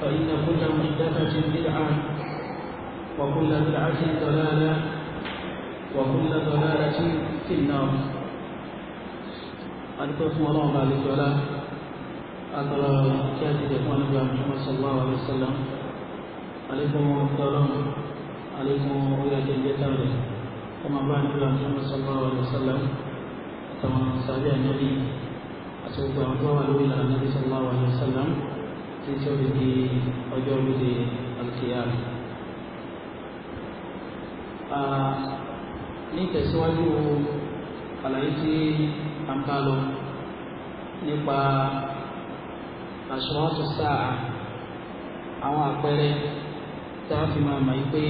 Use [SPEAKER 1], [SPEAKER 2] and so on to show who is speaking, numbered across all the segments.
[SPEAKER 1] فإن كل محدثة بدعة وكل بدعة ضلالة وكل ضلالة في النار أنكم الله عليك ولا أترى كاتب إخوان محمد صلى الله عليه وسلم عليكم السلام عليكم ويا جلتان كما بان محمد صلى الله عليه وسلم كما صلى النبي أتوقع الله عليه النبي صلى الله عليه وسلم tí tí ó fi di ọjọ́ olóde alkiyar ní tẹ̀síwájú àlàyé tí a ń bá lọ nípa àṣùwọ́tò sáà àwọn àpẹẹrẹ tá a fi máa mọ̀ pé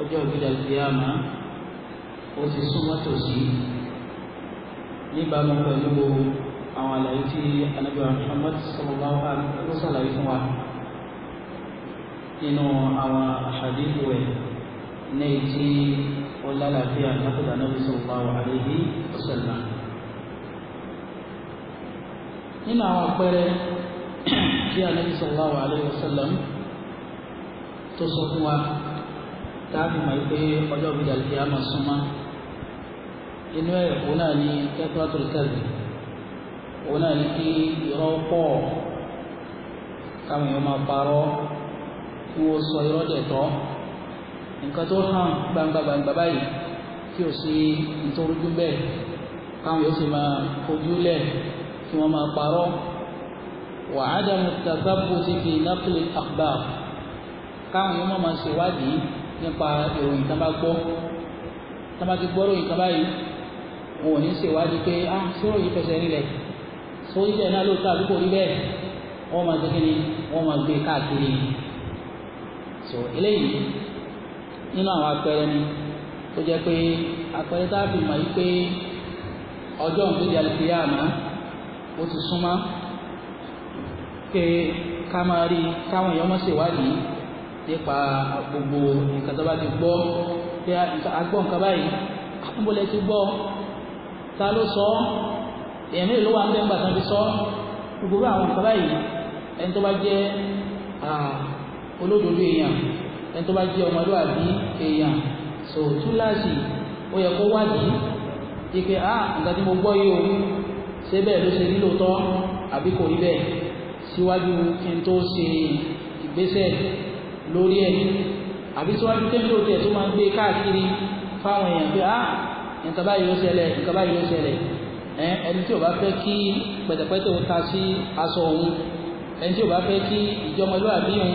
[SPEAKER 1] ọjọ́ olóde alkiyar máa ó ti súnmọ́ tòsí níbàámu pẹ̀lú àwọn àlàyé tí anábíwá Muhammad sallallahu alaihi wa sallam fún wa nínú àwọn àhàdìsí rẹ̀ ní ti ọlálàáfíà látọ̀dọ̀ anábí sallallahu alaihi wa sallam nínú àwọn àpẹẹrẹ tí anábí sallallahu alaihi wa sallam tó sọ fún wa tààbí mọ̀ pé ọjọ́ ìgbàlùkì àmọ̀ súnmọ́ inú ẹ̀ náà ni kẹ́kọ̀ọ́ tó òun náà ní kí irọ́ pọ̀ káwọn èèyàn máa parọ́ kí wọ́n sọ irọ́ dẹ̀ tọ́ nǹkan tó hàn gbangba gbangba báyìí tí ò sí nítorójú bẹ́ẹ̀ káwọn yóò sì máa fojú lẹ̀ kí wọ́n máa parọ́ wà á dàmú tàbábù ti fi nápìlì àgbà
[SPEAKER 2] káwọn yóò máa ṣèwádìí nípa ìròyìn tán bá gbọ́ tán bá ti gbọ́ ìròyìn kan báyìí wọn ò ní ṣèwádìí pé ah sí ìròyìn fẹsẹ̀ nílẹ̀ so bẹ́ẹ̀ náà lóòótọ́ àdúgbò rí bẹ́ẹ̀ wọ́n máa gbé kíni wọ́n máa gbé káàkiri so eléyìí nínú àwọn apẹrẹ ni tó jẹ́ pé apẹrẹ tá a fi mọ̀ yí pé ọjọ́ nǹkan di àlùfíà àmọ́ ó ti súnmọ́ pé ká máa rí káwọn èèyàn nípa gbogbo nǹkan tó bá ti gbọ́ pé a gbọ́ nǹkan báyìí ah, gbọ́ ta ló sọ èèyàn mélòó ló wà nílẹ̀ ńgbà tán fi sọ gbogbo àwọn nǹkan báyìí ẹni tó bá jẹ́ olódodo èèyàn ẹni tó bá jẹ́ ọmọlúwàbí èèyàn so túláàsì ó yẹ kó wádìí ike a nǹkan tí mo gbọ́ yìí o ṣé bẹ́ẹ̀ ló ṣe nílò tọ́ àbí kò rí bẹ́ẹ̀ síwájú kí n tó ṣe ìgbésẹ̀ lórí ẹ̀ àbí síwájú kí n tó tẹ̀ tó máa gbé káàkiri fáwọn èèyàn pé a nǹkan báyìí ló ṣẹlẹ̀ nǹkan báyìí ló ṣẹlẹ̀ ẹni tí o bá fẹ́ kí pẹ̀tẹ̀pẹ̀tẹ̀ o ta sí aṣọ òun ẹni tí o bá fẹ́ kí ìjọmọlúwàbí òun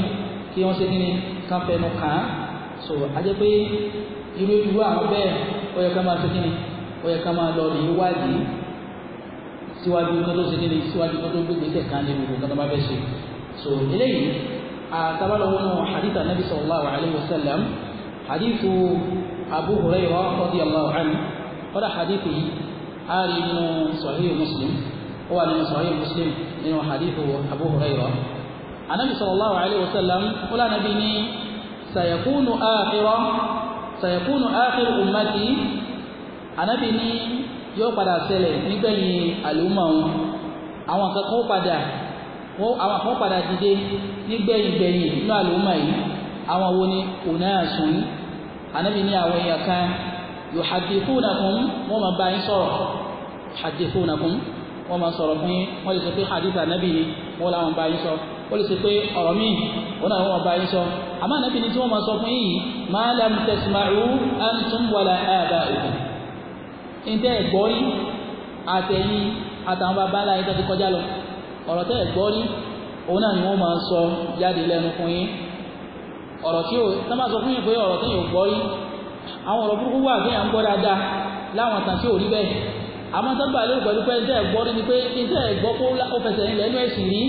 [SPEAKER 2] kí wọ́n ṣe kí ni kán fẹnu kàn án so a jẹ́ pé irú irú àwọn bẹ́ẹ̀ ó yẹ ká máa ṣe kí ni ó yẹ ká máa lọ rí wádìí síwájú kan tó ṣe kí ni síwájú kan tó gbégbèsè kan nínú ìlú kan tó bá fẹ́ ṣe so eléyìí àtàbálọ́wọ́ nù hadith anabi sallallahu alayhi wa sallam hadith abu hurairah radiyallahu anhu kọ́dà hadith yìí ari mu sahih muslim ó wà nínú sahih muslim nínú hadithu abu hurairah anabi sallallahu alayhi wa sallam ó lá nàbí ní sayakunu akhira sayakunu akhir ummati anabi ní yóò padà ṣẹlẹ̀ nígbẹ̀yìn àlùmọ̀ àwọn kan kó padà àwọn kan padà dìde nígbẹ̀yìn gbẹ̀yìn nínú àlùmọ̀ yìí àwọn wo ni onáàsùn anabi ní àwọn èèyàn kan yuhadithunakum wọ́n máa bá yín sọ̀rọ̀ yuhadithunakum wọ́n máa sọ̀rọ̀ fún yín wọ́n lè sọ pé hadith anabi ni wọ́n làwọn bá yín sọ wọ́n lè sọ pé ọ̀rọ̀ míì wọ́n náà wọ́n máa bá yín sọ àmọ́ anabi ni tí wọ́n máa sọ fún yín ma lam tasma'u antum wala aba'ukum ntẹ́ ẹ̀gbọ́ rí àtẹ̀yìn àtàwọn bàbá ńlá yín tó ti kọjá lọ ọ̀rọ̀ tẹ́ ẹ̀gbọ́ rí òun náà ni wọ́n máa sọ jáde lẹ́nu fún yín ọ̀rọ̀ tí yóò tọ́ máa sọ fún yín pé ọ̀rọ̀ tẹ́yìn ò gbọ́ rí àwọn ọ̀rọ̀ burúkú wà kéèyàn ń gbọ́ dáadáa láwọn àtàn tí ò rí bẹ́ẹ̀ àmọ́ sábà lérò pẹ̀lú pé iṣẹ́ ẹ̀gbọ́ rí ni pé iṣẹ́ ẹ̀gbọ́ kó ó fẹsẹ̀ ń lẹ́nu ẹ̀sìn rí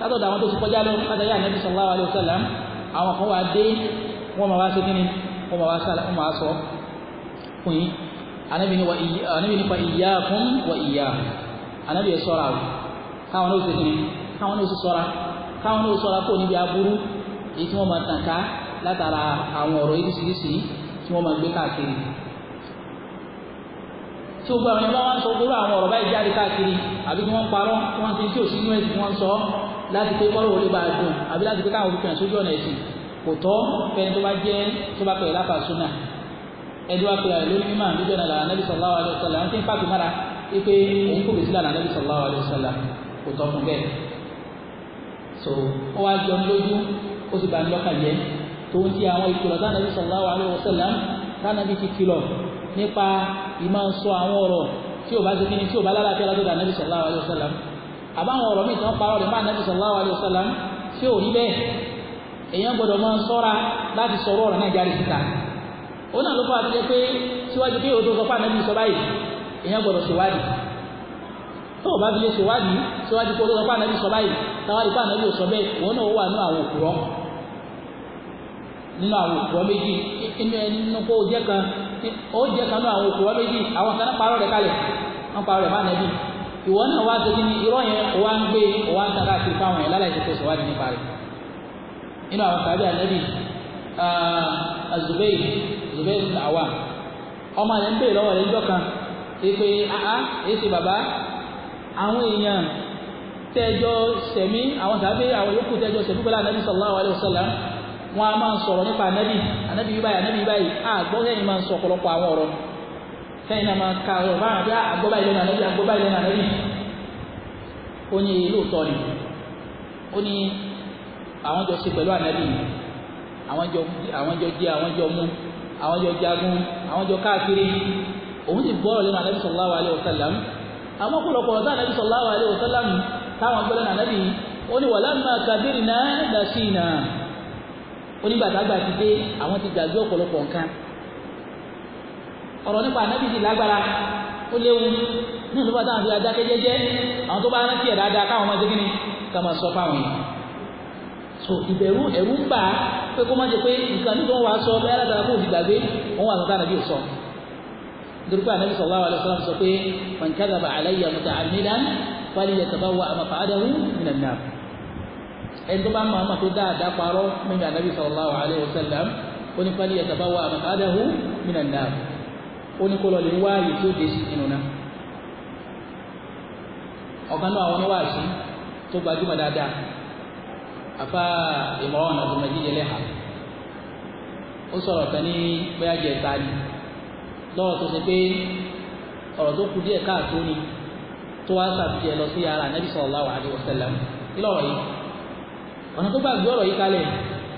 [SPEAKER 2] látọ̀dọ̀ àwọn tó ti kọjá lọ látàrí ànábì sallallahu alaihi wasallam àwọn kan wà dé wọ́n máa wá sí kíni wọ́n máa wá sálà wọ́n máa sọ fún yín ànábì ni fa iyyakum wa iyyahum ànábì sọ́ra o káwọn náà sì kíni káwọn náà sì sọ́ra káwọn náà sọ́ra kó níbi aburú èyí tí wọ́n máa tàn ká látara àwọn ọ̀rọ̀ yìí tí wọ́n máa gbé káàkiri tí gbogbo àwọn ìyàwó wọn sọ gbogbo àwọn ọ̀rọ̀ báyìí jáde káàkiri àbí kí wọ́n parọ́ kí wọ́n ti tí ò sí inú ẹ̀sìn wọn sọ láti pé kọ́rọ̀ wọlé bá a dùn àbí láti pé káwọn olùkìyàn sójú ọ̀nà ẹ̀sìn kò tọ́ fẹni tó bá jẹ́ tó bá pẹ̀lú láfa ẹni wá pẹ̀lú lórí mímọ́ àbíjọ́ náà làwọn anábì sallallahu so ó wá jọ lójú ó sì bá tó ń ti àwọn ìkìlọ̀ tánàbí sallallahu alaihi wasallam tánàbí ti kìlọ̀ nípa ìmọ̀ ń sọ àwọn ọ̀rọ̀ tí ò bá ṣe kíni tí ò bá lálàáfíà látọ̀ dà nàbí sallallahu alaihi wasallam àbáwọn ọ̀rọ̀ míì tán parọ́ rẹ̀ má nàbí sallallahu alaihi wasallam tí ò rí bẹ́ẹ̀ èèyàn gbọ́dọ̀ máa ń sọ́ra láti sọ̀rọ̀ ọ̀rọ̀ náà jáde síta ó náà ló fọ́ àtijọ́ pé síwájú pé òótọ́ sọ fáànà bíi sọ báyìí èèyàn gbọ́dọ̀ ṣèwádìí tó o bá fi lè ṣèwádìí síwájú pé òótọ́ sọ fáànà bíi sọ báyìí táwa rí fáànà bíi sọ bẹ́ẹ̀ òun náà wà nínú àwọn òkúrọ́ nínú àwọn òkúrọ́ méjì nínú kó jẹ́ kan ó jẹ́ kan nínú àwọn òkúrọ́ méjì àwọn kan parọ́ rẹ̀ kalẹ̀ wọ́n parọ́ rẹ̀ má nàbí ìwọ náà wá sí kíni irọ́ yẹn ó wá ń gbé ó wá ń ta káàkiri fáwọn yẹn láláì ṣètò ìṣòwádìí nípa rẹ̀ nínú àwọn sàbí ànábì ah, Zubair Zubair bin Awam ọmọ rẹ̀ ń bèèrè lọ́wọ́ rẹ̀ níjọ́ kan ìpè àá èsì bàbá àwọn èèyàn tẹ́jọ́ sẹ̀mí àwọn sàbí àwọn yòókù tẹ́jọ́ sẹ̀mí pẹ̀lú ànábì sallallahu alaihi wasallam wọn a máa ń sọ̀rọ̀ nípa anabi anabi yìí báyìí anabi yìí báyìí a gbọ́ sẹ́yìn máa ń sọ ọ̀pọ̀lọpọ̀ àwọn ọ̀rọ̀ sẹ́yìn náà máa ń ka ọ̀rọ̀ báyìí bí àgbọ́ báyìí lẹ́nu anabi àgbọ́ báyìí lẹ́nu anabi ó ní lóòótọ́ ni ó ní àwọn jọ ṣe pẹ̀lú anabi àwọn jọ àwọn jọ jẹ àwọn jọ mú àwọn jọ jagun àwọn jọ káàkiri òun sì gbọ́ anabi àwọn ọ̀pọ̀lọpọ̀ onígbàdàgbà ti dé àwọn ti gbàgbé ọ̀pọ̀lọpọ̀ nǹkan ọ̀rọ̀ nípa anábì ti lágbára ó léwu ní ìlú bàtà àti adáké jẹ́jẹ́ àwọn tó bá rántí ẹ̀ dáadáa káwọn ọmọdé kí ni ká máa sọ fáwọn yìí so ìbẹ̀rù ẹ̀rù ń bà á pé kó má jẹ pé nǹkan tó ń wá sọ bẹ́ẹ̀ látara kó o ti gbàgbé òun wà lọ́tà ànábì ò nítorí pé ànábì sallallahu alaihi wasallam sọ pé man kadhaba alayya muta'ammidan falyatabawwa maq'adahu ẹni tó bá máa ma tó dáadáa parọ́ mímu anabi sallallahu alayhi wa sallam ó ní fali yàtọ̀ bá wà àmàkàdáhu minan nar ó ní kólọ̀ lè wá ààyè tó dé sí inú náà ọ̀kan náà àwọn oníwàásí tó gbajúmọ̀ dáadáa afa Imran Abdulmajid Eleha ó sọ̀rọ̀ kan ní bóyá jẹ ta lọ́rọ̀ tó ṣe pé ọ̀rọ̀ tó kù díẹ̀ káàtó ni tó wá sàbíyẹ lọ sí ara anabi sallallahu alayhi wa sallam kí yìí ọ̀nà tó gbàgbé ọ̀rọ̀ yìí kalẹ̀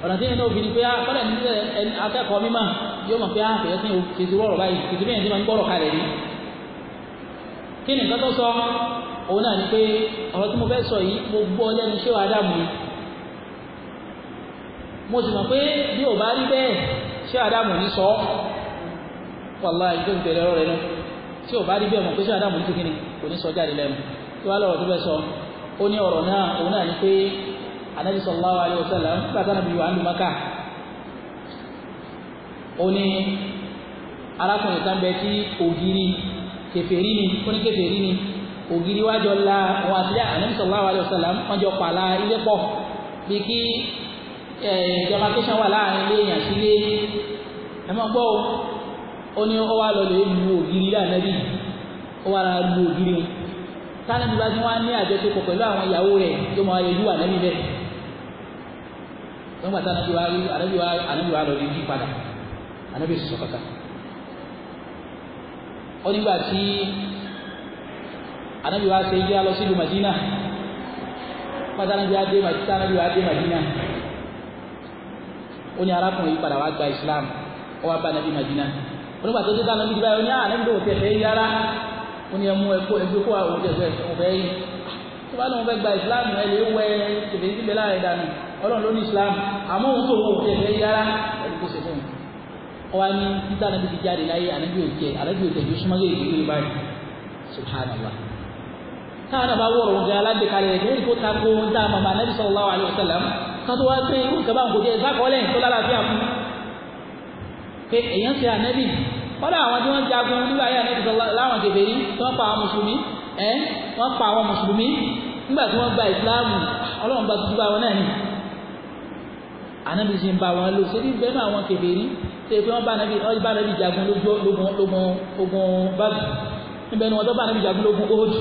[SPEAKER 2] ọ̀nà tí ẹni obìnrin pé akọ́lẹ̀ ah, ní akẹ́kọ̀ọ́ mímọ́ yóò mọ̀ pé àfẹ́yẹ́ sí òṣèṣì rọ̀rọ̀ báyìí kìtì bẹ́ẹ̀ ní ma ń gbọ́rọ̀ kalẹ̀ rí kí ni nǹkan tó sọ òun náà ni pé ọ̀rọ̀ tí mo fẹ́ sọ yìí mo gbọ́ lẹ́nu ṣé wàá dààmú ni mo sì mọ̀ pé bí ò bá rí bẹ́ẹ̀ ṣé wàá dààmú ni sọ wàlá ìjọ ìtẹ̀lé ọ̀rọ̀ rẹ náà tí ò bá rí bẹ́ẹ̀ mọ̀ pé tó kí ni ọ̀rọ̀ náà anabi sallallahu alayhi wa sallam nígbàtà nàbí wà nílùú maka ó ní arákùnrin kan bẹ tí ògiri kèfèrí ni ó ní kèfèrí ni ògiri wájọ la wọn àti anabi sallallahu alayhi wa sallam wọn jọ pààlà ilé pọ̀ bí kí
[SPEAKER 1] ìjọba tẹsán wà láàrin ilé èèyàn sí
[SPEAKER 2] ilé ẹ máa gbọ́ ó ní ó wá lu ògiri lánàbí ó wá lọ lu ògiri tánàbí bá ti wá ní àjọṣepọ̀ pẹ̀lú àwọn ìyàwó rẹ̀ tó máa yọjú ànábì bẹ́ẹ̀ lọ́gbà tá anabi wa rí anabi wa anabi wa lọ rí yí padà anabi sọ̀sọ̀ kàkà ó nígbà tí anabi wa ṣe yíyá lọ sílùú Madina pátá anabi wa dé Madina anabi wa dé Madina ó ní arákùnrin yìí padà gba Islam ó wá bá anabi Madina onígbà tó dé tá anabi dìbà yìí ó ní anabi ah, tó tẹ̀ fẹ́ yára ó ní ẹmu ẹkọ ẹgbẹ́ kó àwọn ọ̀dẹ̀ fẹ́ ọ̀fẹ́ yìí tó bá gba Islam ẹ lè wẹ tètè ọlọ́run ló ní islam àmọ́ òun tó wọ́n tẹ̀ fẹ́ yára ẹni kó ṣe fún un. ọwọ́ ni títà náà ti jáde láyé ànábì òjẹ ànábì òjẹ ju súnmọ́ yẹn ìdílé báyìí subhanallah. táwọn náà bá wọ̀rọ̀ oúnjẹ alágbèkalẹ̀ rẹ̀ lórí kó takò ń dá màmá ànábì sallallahu alaihi wasallam kan tó wá pé irú nǹkan bá ń gòjẹ́ ìsákọ́lẹ̀ tó lálàáfíà fún pé èèyàn ṣe ànábì kọ́dà àwọn tí wọ́n jagun nígbà yà ànábì láwọn kèfèrí tí wọ́n pa àwọn mùsùlùmí ẹ́ wọ́n pa àwọn mùsùlùmí nígbà tí wọ́n gba ìsìláàmù ọlọ́run gba tuntun bá wọn náà ni anabi sì ń bá wọn lò síbi bẹ́ẹ̀ náà àwọn kèfèrí ṣe pé wọ́n bá anabi wọ́n bá anabi jagun lógun lógun ogun báàbù níbẹ̀ ni wọ́n tó bá anabi jagun lógun oòdù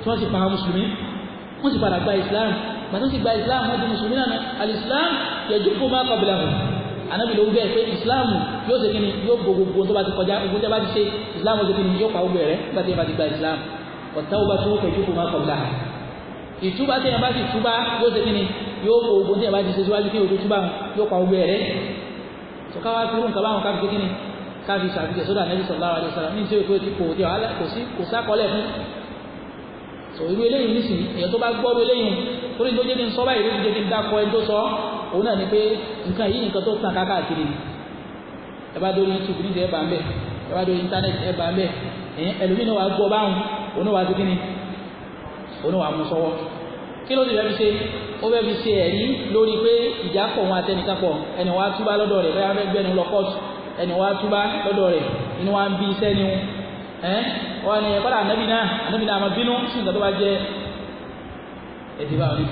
[SPEAKER 2] tí wọ́n sì pa mùsùlùmí wọ́n sì padà gba islam pàtó sì gba islam wọ́n di mùsùlùmí náà alislam yẹjú kó má kọ̀bìlà hù anabi ló ń bẹ́ẹ̀ pé islam yóò ṣe kíni yóò bo gbogbo tó bá ti kọjá ogun tó bá ti ṣe islam yóò ṣe kíni yóò pa ogun rẹ̀ nígbà tí yóò bá ti gba islam ọ̀tá ìtúbà téèyàn bá sì túbà yóò ṣe kíni yóò kó ogun téèyàn bá ti ṣe síwájú kí òtún túbà yóò pa ogun ẹ̀rẹ́ sọ̀ká wá fi irú nǹkan báwọn káfí kíni káfí ṣàfihàn sódà nẹ́bí sallallahu alaihi wasallam ní tí ó ti kò tí kò sákọlẹ̀ fún sọ irú eléyìí nísìn èèyàn tó bá gbọ́ irú eléyìí torí tó jẹ́ kí n sọ báyìí ló ti jẹ́ kí n dákọ ẹni tó sọ òun náà ni pé nǹkan yìí nǹkan tó tàn káàkiri ẹ bá dórí YouTube nídìí ẹ bá ń bẹ̀ ẹ bá dórí íńtánẹ́ẹ̀tì ẹ bá ń bẹ̀ ẹlòmíràn wàá gbọ́ báwọn òun náà wàá ti kí ni oníwà mú sọ́wọ́ kí ló ti rẹ́ fi ṣe ó fẹ́ fi ṣe ẹ̀rí lórí pé ìjà pọ̀ wọn àtẹnìkan pọ̀ ẹni wàá túbá lọ́dọ̀ rẹ̀ bẹ́ẹ̀ fẹ́ gbẹ́ni lọ kóòtù ẹni wàá túbá lọ́dọ̀ rẹ̀ inú wa ń bí iṣẹ́ ni wọn ẹ̀ wọ́n ní ẹ̀kọ́ ànábì náà ànábì náà máa bínú sí nǹkan tó bá jẹ ẹ̀dí bá rí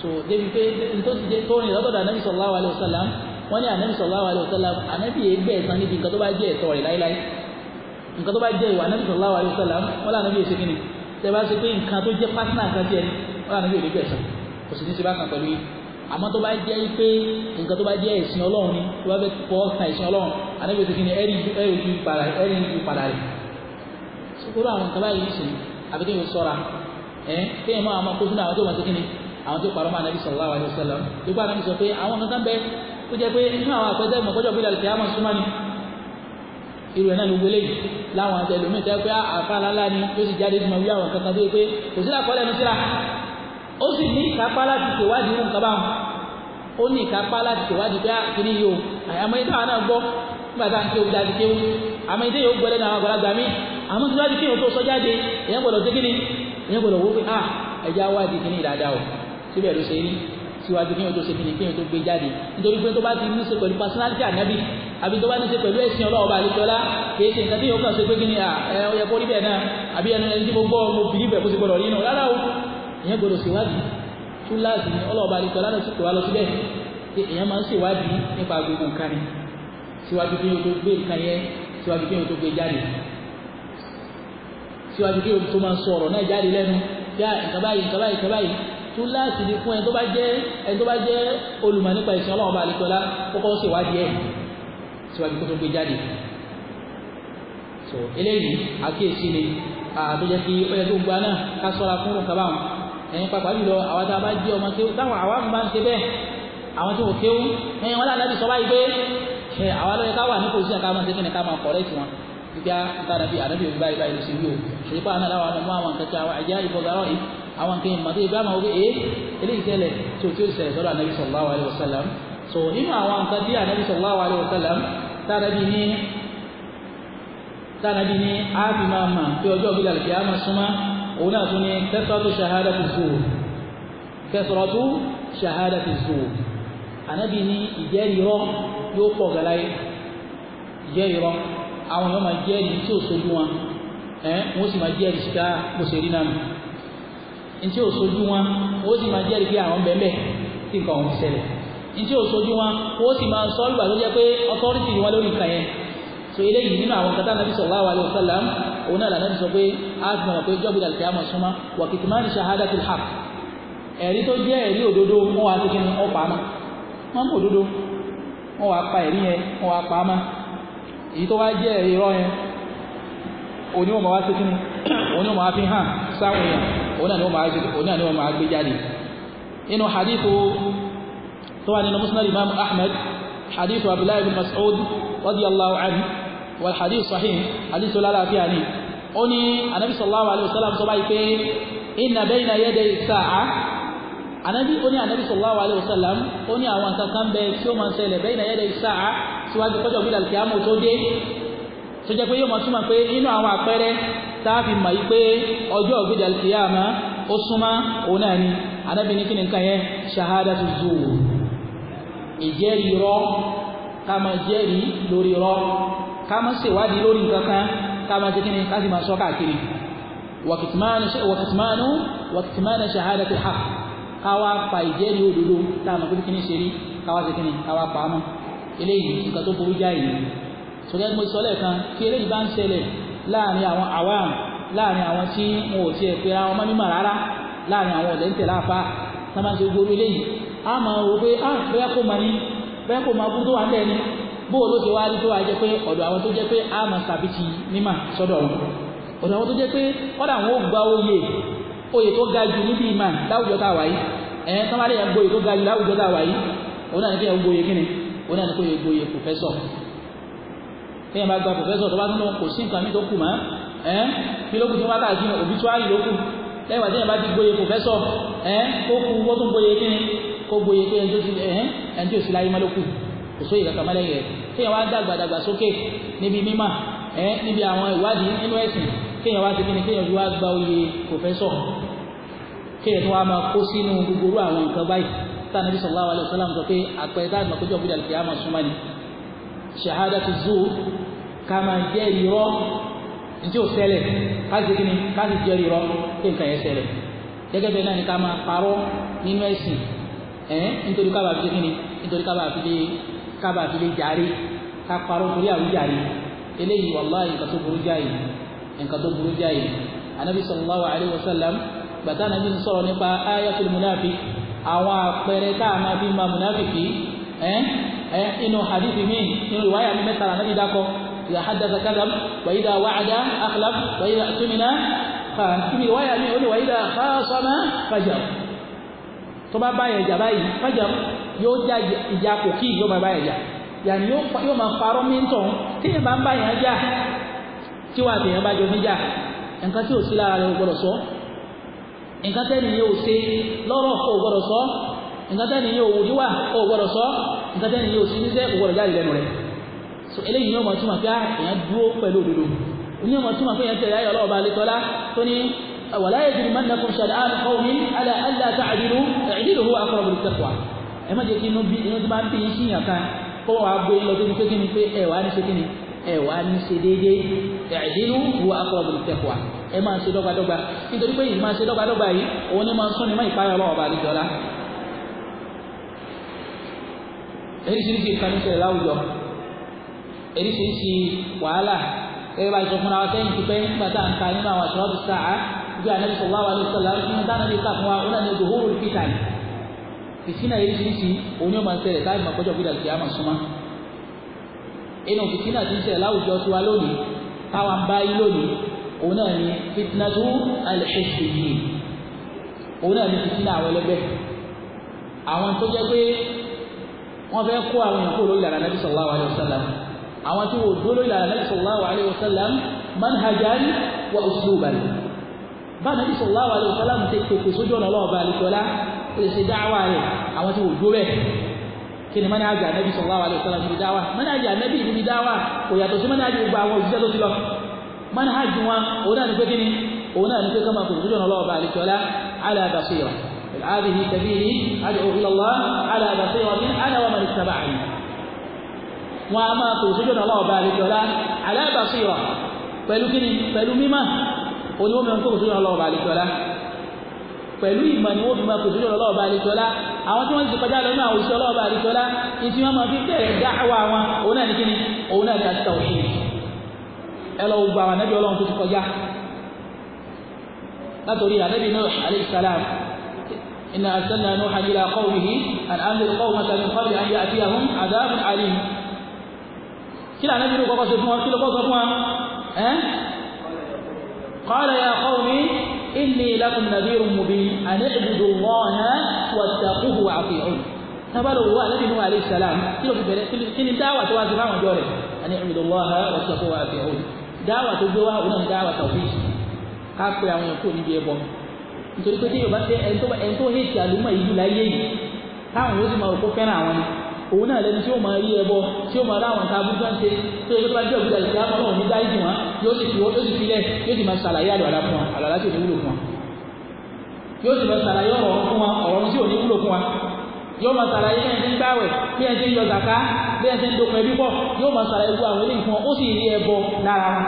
[SPEAKER 2] so débi pé nítorí jẹ tó rìn lọ́dọ̀ ànábì sallallahu alaihi wasallam wọ́n ní ànábì sallallahu alaihi wasallam ànábì yẹn gbẹ̀ ẹ̀sán níbi nǹkan tó bá jẹ ẹ̀tọ́ rẹ̀ láíláí nǹkan tó bá jẹ ìwà tẹ́lá ṣe pé nǹkan tó jẹ́ pátínà kan tiẹ̀ wọ́n àná bí òde bẹ̀sán kò sì ní ṣe bákan pẹ̀lú yìí àmọ́ tó bá jẹ́ pé nǹkan tó bá jẹ́ ẹ̀sìn ọlọ́run ni tó bá fẹ́ fọ́ kan ẹ̀sìn ọlọ́run àná bí òde kí ni ẹ̀rí ju padà ẹ̀rí ju padà rẹ̀ sókòrò àwọn nǹkan báyìí sì àbí kí n sọ́ra ẹ̀ kéèyàn máa máa kó sínú àwọn tó máa ṣe kí ni àwọn tó parọ́ máa nàbí sallallahu alaihi wasallam tó bá nàbí sọ pé àwọn kankan bẹ tó jẹ́ pé inú àwọn àpẹẹrẹ mọ̀kọ́jọ́ bí irú ẹ̀ náà ló gbélé yìí láwọn ẹlòmíì tẹ́ pé ah, àfa ńláńlá ni yóò sì jáde ìmọ̀ wí àwọn kankan tó yẹ pé kò sí àkọọ́lẹ̀ ẹnu síra ó sì ní ìkápá láti ṣèwádìí irú nǹkan báwọn ó ní ìkápá láti ṣèwádìí pé ah, kí ni yóò àyàmọ́ yìí táwọn náà gbọ́ nígbà tá à ń kéwu dájú kéwu àmọ́ ìdí yóò gbọ́dẹ̀ náà àgbàlagbà mi àmọ́ tí wájú kéwu tó sọ jáde èèyàn gbọ́dọ̀ dégé ni èèyàn gbọ́dọ̀ wó pé ah ẹja wádìí kí ni o síbẹ̀ ló ṣe rí síwájú kéwu tó ṣe kí ni kéwu tó gbé jáde nítorí pé tó bá ti ní í ṣe pẹ̀lú personality ànábì àbí tó bá ní ṣe pẹ̀lú ẹ̀sìn ọlọ́run ọba àlejòlá kì í ṣe nǹkan tí yóò kàn ṣe pé kí ni ẹ ọ yẹ kó rí bẹ́ẹ̀ náà àbí ẹnu ẹni tí mo gbọ́ mo bìlí bẹ̀ kó ṣe gbọdọ̀ nínú rárá o ìyẹn gbọdọ̀ ṣèwádìí túláàsì ni ọlọ́run ọba àlejòlá náà sì pè wá lọ síbẹ̀ pé èèyàn máa ń ṣèwádìí nípa gbogbo nǹkan ni síwájú kí o tó gbé nǹkan yẹn síwájú kí o tó gbé e jáde síwájú kí o tó máa sọ ọ̀rọ̀ náà jáde lẹ́nu yá nǹkan báyìí nǹkan báyìí nǹkan báyìí túláàsì ni fún ẹni tó bá jẹ́ ẹni tó bá jẹ́ olùmọ̀ nípa ìsìn ọlọ́run ọba àlejòlá kókó ṣèwádìí ẹ̀ síwájú kó tó gbé jáde so eléyìí àkíyèsí ni àtó jẹ́ kí ó yẹ tó gba náà ká sọ́ra fún òun kábàámu ẹ̀yin pàpà jùlọ àwọn tá a bá jẹ́ ọmọ kéwú táwọn àwa ń bá ń ṣe bẹ́ẹ̀ àwọn tó kéwú ẹ̀yin wọn lànà sọ báyìí pé ṣe àwa lọ́yẹ ká wà ní pòsíṣà ká máa ṣe kí ni ká máa kọ̀rẹ́tì wọn gbígbá ntàdàbí àdàbí òbí báyìí báyìí lóṣèlú o ṣèlú pàánà làwọn àna mú àwọn nǹkan tí àwọn àjá ìfọ̀gàrọ̀ yìí àwọn nǹkan ìmọ̀tò ìbámu wọ́n pé ee eléyìí tẹ́lẹ̀ tó tí ó ṣẹlẹ̀ sọ́dọ̀ ànábì sallallahu alaihi wasallam so nínú awa nǹkan tí ànábi sallallahu alaihi wasallam tánàbí ní tánàbí ní áàfin máa mà pé ọjọ́ òbí làlùkì á a súnmọ́ òun náà tún ní kẹsàrọ́tù ṣahádàtì nabi ni ṣahádàtì zuur ànábi ní ìjẹ́rìí rọ́ yóò pọ̀ gàláyé ìjẹ́rìí rọ́ àwọn èèyàn máa jẹ́rìí tí ò sojú wọn ẹ̀ wọ́n sì máa jẹ́rìí síta bó ṣe rí náà ìtí ò sojú wọn ó sì máa sọ ìgbà tó jẹ́ pé authority ni wọ́n lórí nǹkan yẹn so eléyìí nínú àwọn kata nàbí sallallahu alaihi wasallam òun náà lànà sọ pé a ti mọ̀ pé jọ́bù dàlùkẹ́ àmọ̀ súnmọ́ wà kitmani shahadatil haqq ẹ̀rí tó jẹ́ ẹ̀rí òdodo wọn wá síkí ni wọn pa á wọn kò òdodo wọn wá pa ẹ̀rí yẹn wọn wá pa á èyí tó wá jẹ́ ẹ̀rí irọ́ yẹn òní wọn máa wá síkí òní wọn máa fi hàn sáwọn yẹn òun náà ni wọn máa gbé jáde nínú hadithu tó wà nínú musnad imam ahmed hadith abdullahi bin mas'ud radiyallahu anhu wal hadith sahih hadith lálàáfíà ni ó ní anabi sallallahu alayhi wa sallam sọ báyìí pé inna bayna yaday sa'a anabi ó ní anabi sallallahu alayhi wa sallam ó ní àwọn nǹkan kan bẹ tí ó máa ń ṣẹlẹ̀ bayna yaday sa'a síwájú kọjọ́ bí làlùkìyàmù tó dé tó jẹ́ pé yóò máa túmọ̀ pé inú àwọn àpẹẹrẹ tá a fi mọ̀ yí pé ọjọ́ ògbéjà kìyàmù ó súnmọ́ òun náà ni anabi ní kí ni nǹkan yẹn shahadatu zuur ìjẹ́rìí irọ́ ká máa jẹ́rìí lórí irọ́ ká máa ṣèwádìí lórí nǹkan kan ká máa jẹ́ kí ni ká sì máa sọ káàkiri wàkìtìmánu wàkìtìmánu ṣahada ti hàk ká wá pa ìjẹ́rìí òdodo tá a mọ̀ pé kí ni ṣe rí ká wá ṣe kí ni ká wá pa á mọ́ eléyìí nǹkan tó burú jáì yìí sọgẹ́ mo sọ lẹ́ẹ̀kan tí eléyìí bá ń ṣẹlẹ̀ láàrin àwọn awam láàrin àwọn tí wọn ò tiẹ̀ pera wọn mọ́ mímọ̀ rárá láàrin àwọn ọ̀lẹ́ńtẹ̀ láàfáà tá a máa ń ṣe gbóró eléyìí a máa wò pé ah bẹ́ẹ̀ kò máa ní bẹ́ẹ̀ kò máa kú tó wà nílẹ̀ ni bóò ló ṣe wá rí tó wà jẹ́ pé ọ̀dọ̀ àwọn tó jẹ́ pé a máa sàbìtì mímà sọ́dọ̀ wọn ọ̀dọ̀ àwọn tó jẹ́ pé ọ̀dọ̀ àwọn ò gba oyè oyè tó ga jù níbi ìmà láwùjọ tá a wà yìí ẹ̀ ẹ́ sọ́mọ́lé yẹn gboyè tó ga jù láwùjọ tá a wà yìí òun náà ní kéèyàn gboyè kíni òun náà ní kéèyàn gboyè pòfẹ́sọ̀ kéèyàn bá gba pòfẹ́sọ̀ tó bá tún lóun kò sí nǹkan mi tó kù mọ́ ẹ̀ kí ló kù tí wọ́n bá tà sí òbítúárì ló kù lẹ́yìn wà tí bá ti gboyè pòfẹ́sọ̀ ẹ̀ ó kù wọ́n tún gboyè kíni kó gboyè pé ẹni tó ti ẹ̀hẹ́n ẹni tó ti láyé má ló kù kò sóyè kankan má lẹ́yìn rẹ̀ kéèyàn wá dàgbà dàgbà sókè níbi mímà ẹ̀ níbi àwọn ìwádìí nínú ẹ̀sìn kéèyàn wá ti kíni kéèyàn fi wá gba oyè pòfẹ́sọ̀ kéèyàn tó wá máa kó sínú gbogbo àwọn nǹkan báyìí táwọn Nabi sallallahu alaihi wasallam sọ pé àpẹẹrẹ táwọn àgbàkójọ bí dàlùkì àmọ̀ súnmọ́ ni shahadatu zuur ká máa jẹ́ irọ́ ntí o ṣẹlẹ̀ káàsì kíni káàsì jẹ́ irọ́ kí nǹkan yẹn ṣẹlẹ̀ gẹ́gẹ́ bẹ́ẹ̀ náà ni ká máa parọ́ nínú ẹ̀sìn ẹ̀ nítorí kábà fi kíni nítorí kábà fi lè kábà fi lè jàre ká parọ́ torí àwùjáre eléyìí wàláhì nǹkan tó burú jáì nǹkan tó burú jáì anabi sallallahu alayhi wa sallam gbàtà anabi ń sọ̀rọ̀ nípa ayatul munafi àwọn àpẹẹrẹ tá a máa fi ma munafi kì ẹ́ ẹ́ inú hadithi mi inú ìwáyà mi mẹ́ta anabi dákọ̀ ìdá haddasa kadam wa ìdá wàcada akhlaf wa ìdá tumina fa ibi ìwáyà mi ó ní wa ìdá khasama tó bá bá yẹn jà báyìí májà yóò já ìjà kò kí yóò máa bá yẹn jà yàní yóò máa parọ́ mìíràn tí yẹn bá ń bá yẹn jà tí wàá tèèyàn bá jọ níjà nǹkan tí ò sí lára rẹ̀ ò gbọ́dọ̀ sọ nǹkan tẹ́ni yẹn ò ṣe lọ́rọ̀ ò gbọ́dọ̀ sọ nǹkan tẹ́ni yẹn ò wù níwà ò gbọ́dọ̀ sọ nǹkan tẹ́ni yẹn ò sí níṣẹ́ ò gbọ́dọ̀ jáde lẹ́nu rẹ̀ so eléyìí ni wọ́n máa túmọ̀ pé ah, èèyàn dúró pẹ̀lú òdodo ní wọ́n máa túmọ̀ pé èèyàn tẹ̀lé ayọ̀ ọlọ́ọ̀ba alẹ́tọ́lá tó ní wàlá yajrimannakum shana'an qawmin ala alla ta'dilu i'dilu huwa aqrabu lit-taqwa ẹ má jẹ́ kí inú bí inú tí máa ń bí yín síyàn kan kó wàá gbé lọ débi pé kí ni pé ẹ wàá ní ṣe kí ni ẹ wàá ní ṣe déédéé i'dilu huwa aqrabu lit-taqwa ẹ máa ṣe dọ́gbadọ́gba nítorí pé ìmáa ṣe dọ́gbadọ́gba yìí òun ni máa ń sún ni má ìpáyà ọlọ́wọ́ bá àlejò ọ̀la eríṣiríṣi ìkànnìṣẹ́ láwùjọ eríṣiríṣi wàhálà ẹ bá ìsọfúnra wa sẹ́yìn ti pẹ́ nígbà tá à ń ka nínú àwọn àṣọ bí anabi sallallahu alayhi wa sallam ní dánadé ká fún wa ó náà ní zuhuru fitan fìtínà eréṣiríṣi òun yóò máa ń ṣẹlẹ̀ táyì máa kọjọ́ gbígbà kìá máa súnmọ́ inú fìtínà ti ń ṣẹlẹ̀ láwùjọ tiwa lónìí táwa ń bá yí lónìí òun náà ní fitinatu alẹ́ṣẹ̀ṣẹ̀ yìí òun náà ní fìtínà àwọn ẹlẹgbẹ́ àwọn tó jẹ́ pé wọ́n fẹ́ sallallahu alayhi wa sallam àwọn tí wò dúró sallallahu alayhi wa manhajan wa usluban bá nàbí sallallahu alaihi wasallam ṣe pèpè sójú ọ̀nà ọlọ́ọ̀bá àlùkọ́lá ó lè ṣe dáwà rẹ̀ àwọn tí wò dó bẹ́ẹ̀ kí ni mọ́nà àjà nàbí sallallahu alaihi wasallam níbi dáwà mọ́nà àjà nàbí níbi dáwà kò yàtọ̀ sí mọ́nà àjà gbogbo àwọn òṣìṣẹ́ tó ti lọ mọ́nà àjù wọn òun náà ní pé kí ni òun náà ní pé kọ́mà kò sójú ọ̀nà ọlọ́ọ̀bá àlùkọ́lá ala basira هذه سبيلي أدعو إلى الله على بصيرة أنا ومن اتبعني wọn a máa tò sójú ọ̀nà ọlọ́ọ̀bá àlejò ọ̀la alábàṣírà pẹ̀lú oníwọ́n mẹ́rin tó kò sójú ọlọ́ọ̀bà àlejòọ́lá pẹ̀lú ìmọ̀ ni wọ́n fi máa kò sójú ọlọ́ọ̀bà àlejòọ́lá àwọn tí wọ́n ti kọjá lọ́nà àwọn òṣìṣẹ́ ọlọ́ọ̀bà àlejòọ́lá ìtì wọn máa fi bẹ̀rẹ̀ dáhàwá wọn òun náà ní òun náà ní àti tàwùsùn ẹ lọ gba àwọn anábì ọlọ́run tó ti kọjá látòrí anábì náà alayhi salam inna arsalna nuhan ila qawmihi an anzir qawmaka min qabli an قال يا قوم إني لكم نذير مبين أن اعبدوا الله واتقوه وأطيعون tabalò wa alẹ́ nínú alẹ́ sàlám kí ló fi bẹ̀rẹ̀ kí ni dáwà tó wá sí fáwọn ọjọ́ rẹ̀ ani ibudulaha wasafu wa abiyahud dáwà tó gbé wá òun náà dáwà tàwí ká pè àwọn èèyàn kó níbi ẹbọ nítorí pé tí yorùbá ṣe ẹni tó ẹni tó hẹ́ẹ̀tì àlùmọ̀ ìlú láyé yìí táwọn yóò sì máa kó fẹ́ràn àwọn ni òun náà lẹni tí ó máa rí ẹbọ tí ó máa ráwọn ká abúlé ń ṣe tó yẹ kó bá jẹ́ òkúta ìṣẹ́ àmọ́ òun ní dáì jù wọn yóò sì yóò sì filẹ̀ yóò sì máa ṣàlàyé àlọ́lá fún wọn àlọ́lá tí ò ní wúlò fún wọn yóò sì máa ṣàlàyé ọ̀rọ̀ fún wọn ọ̀rọ̀ tí ò ní wúlò fún wọn yóò máa ṣàlàyé bí ẹ ti ń gbáwẹ̀ bí ẹ ti ń yọ zàká bí ẹ ti ń dókun ẹbí pọ̀ yóò máa ṣàlàyé gbogbo àwọn eléyìí fún wọn ó sì rí ẹbọ lára wọn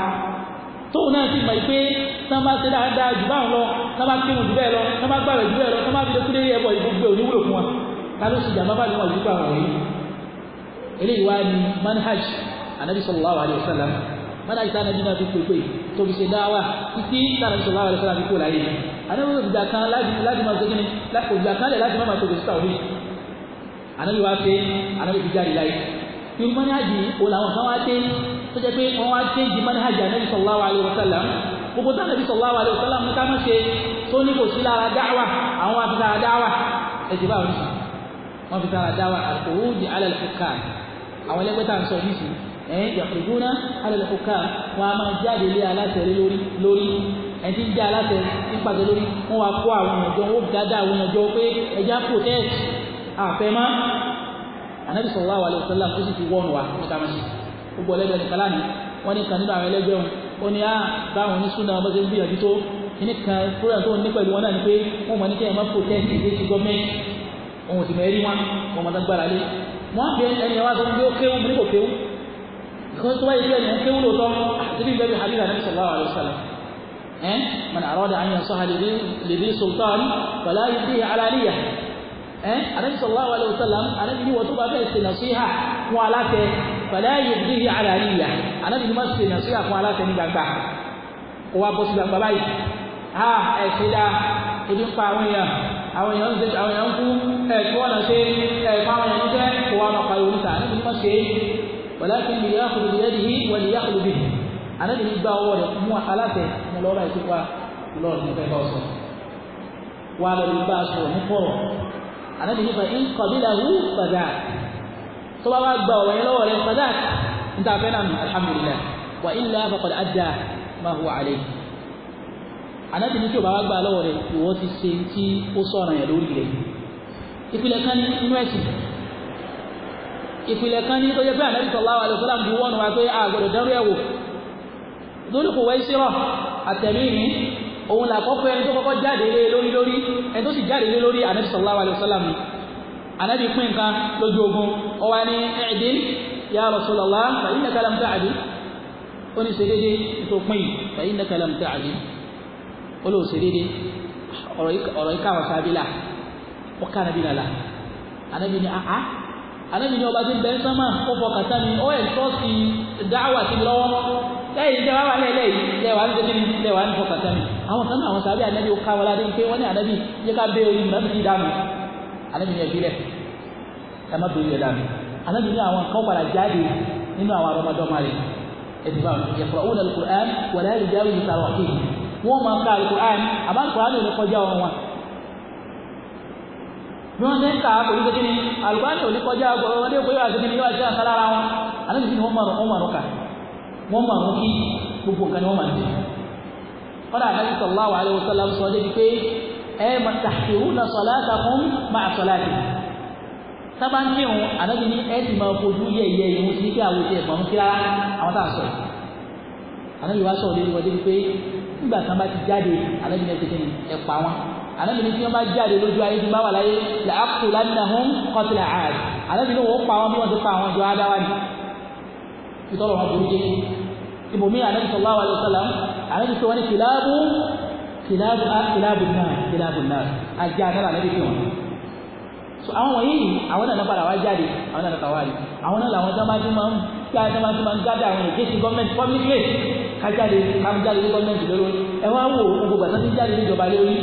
[SPEAKER 2] tóun náà sì mọ̀ pé tán bá ṣe dáadáa jù báwọn lọ tán bá kírun jù bẹ́ẹ̀ lọ tán bá gbàwẹ̀ jù bẹ́ẹ̀ lọ tán bá fi lé kúlé ẹbọ ìgbógbé òní wúlò fún wọn ta ló ṣe jàmbá bá lè wọ̀ yípa àwọn yìí eléyìí wá ní manhaj anabi sallallahu alayhi wa sallam manhaj tí anabi náà fi pèpè tó fi ṣe dáwà títí tí anabi sallallahu alayhi wa sallam fi kó láyé anabi yóò gbà kan láti máa ṣe kíni kò gbà kan lẹ̀ láti máa tó fi síta òbí anabi wá pé anabi fi jáde láyé irú manhaj yìí òun làwọn kan wá dé tó jẹ́ pé wọ́n wá dé di manhaj anabi sallallahu alayhi wa sallam gbogbo tí anabi sallallahu alayhi wa sallam ní ká má ṣe tó ní kò sí lára dáwà àwọn afi sára dáwà ẹ̀ ti fi sára dáwà àkòrò di alẹ́ àwọn ẹlẹgbẹ́ tá à ń sọ yìí sí ẹ yàtọ̀gbọ́nà alẹ́lẹ́kọ̀ọ́ká wọn a máa jáde lé aláṣẹ lórí lórí ẹ ti ń jẹ́ aláṣẹ nípasẹ lórí wọn wá kó àwọn èèyàn jọ wọn ó gádà àwọn èèyàn jọ pé ẹja protest àfẹ́má anabi sallallahu alayhi wa sallam ó sì ti wọ́n wa níta máa ṣe gbogbo ẹlẹ́gbẹ́ nìkan lánàá wọ́n ní kan nínú àwọn ẹlẹ́gbẹ́ wọn ó ní á báwọn oníṣúná ọmọ ṣe ń gbìyànjú tó kíní kan program tó ní pẹ̀lú wọn náà ni pé wọ́n mọ̀ ní kí ẹ̀ má protest ìgbésí gọ́ọ̀mẹ̀ntì òun ò sì mẹ́rí wọn wọn mọ̀ wọ́n fi ẹni wá sọ pé ó kéwú ní kò kéwú ìkọ́ni tó wáyé pé ẹni kéwú lóòótọ́ àti bíi bẹ́ẹ̀ hadith àti sallallahu alayhi wa sallam ẹ́n man arada an yansaha lidhi sultan fala yudhihi alaniya ẹ́n anabi sallallahu alayhi wa sallam anabi ni wọ́n tó bá bẹ́ẹ̀ ṣe nasiha fún aláfẹ́ fala yudhihi alaniya anabi ni wọ́n ṣe nasiha fún aláfẹ́ ní gbàgbà kó wá bọ́ sí gbàgbà báyìí ha ẹ̀ ṣe dáa ebi ń pa àwọn èèyàn àwọn èèyàn ń ṣe àwọn èèyàn ń kú ẹ̀kú ọ̀nà ṣe ẹ̀kú àwọn èèyàn ń jẹ́ kó wa máa pariwo níta níbi má ṣe walakin lè yá kùlù yẹ́ yìí wọ́n lè yá kùlù bì ànábì ní gba ọwọ́ rẹ̀ mú aláṣẹ ní lọ́ọ́ báyìí sípa lọ́ọ̀ ní fẹ́ bá ọ sọ lọ lè bá a ní fọ̀rọ̀ ànábì ní fẹ́ nà alhamdulillah wa anábì ní tí o bá wá gbà lọ́wọ́ rẹ̀ ìwọ ti ṣe tí ó sọ̀rọ̀ yẹn lórí rẹ̀ ìpìlẹ̀ kan ní inú ẹ̀sìn ìpìlẹ̀ kan ní tó yẹ pé anábì sallallahu alaihi wasallam bí wọ́n wá pé àgọ́dọ̀ dẹ́rù ẹ̀ wò lórí kò wáyé sírọ̀ àtẹ̀mí ni òun là kọ́kọ́ ẹni tó kọ́kọ́ jáde lé lórí lórí ẹni tó sì jáde lé lórí anábì sallallahu alaihi wasallam ni anábì pín nǹkan lójú ogun ó wá ní i'dil ya Rasulullah fa innaka lam ta'dil ó ní ṣe déédéé tó pín fa ó lóun ṣe déédéé ọ̀rọ̀ yìí káwọn sábìlà ó ká nàbí nàlà ànábì ni àá ànábì ni ọba tí ń bẹ sánmà ó fọkàn sá mi ó ẹ̀ tọ́ sí dáwà sí mi lọ́wọ́ lẹ́yìn tẹ́ wá wà lẹ́lẹ́ yìí lẹ́ wà ní tẹ́lẹ̀ mi lẹ́ wà ní fọkàn sá mi àwọn kan náà àwọn sábẹ́ ànábì ó ká wọn ládé pé wọ́n ní ànábì yẹ ká bẹ orí mìíràn fi dànù ànábì ni ẹ̀bí rẹ̀ ẹ má bẹ̀rẹ̀ dànù ànábì ni àwọn kan wọ́n máa ka alukur'an àbá alukur'an kọjá wọn bí wọ́n ṣe ń kà alukur'an kọjá ọrùn wọn dé pé yóò àti yóò àti wọn ni wọ́n máa wọ́n máa wọ́n máa kí gbogbo nǹkan ni wọ́n máa kọ́dà àdájú sọ na salatakum ma'a sábà ń kírun àdájú ní ẹ máa fojú yẹ̀yẹ̀ a sọ àdájú wa sọ̀rọ̀ lórí nígbà tí wọ́n bá ti jáde alábi náà tẹ̀sẹ̀ ẹ̀ pa wọn alábi ní tí wọ́n bá jáde lójú ayé tí wọ́n bá wà láyé làákù lánàhún kọ́tìlà ààrẹ alábi náà wọ́n pa wọn bí wọ́n ti pa àwọn jọ adáwa ni ìtọ́lọ̀ wọn burú jẹ́ ibòmí alábi sọ̀rọ̀ wà lọ́sọ̀ làm alábi sọ wọn ni kìláàbù kìláàbù kìláàbù náà kìláàbù náà ajá náà alábi fi wọn so àwọn wọ̀nyí àwọn náà àwọn náà làwọn sábà tí máa ń gbá sábà tí máa ń gádà àwọn ìkéṣin gọ́ọ̀mẹ̀ntì pọ́blíkì kájáde kájáde ní gọ́ọ̀mẹ̀ntì lórí ẹ wá wò gbogbo gbàtà tí jáde níjọba lórí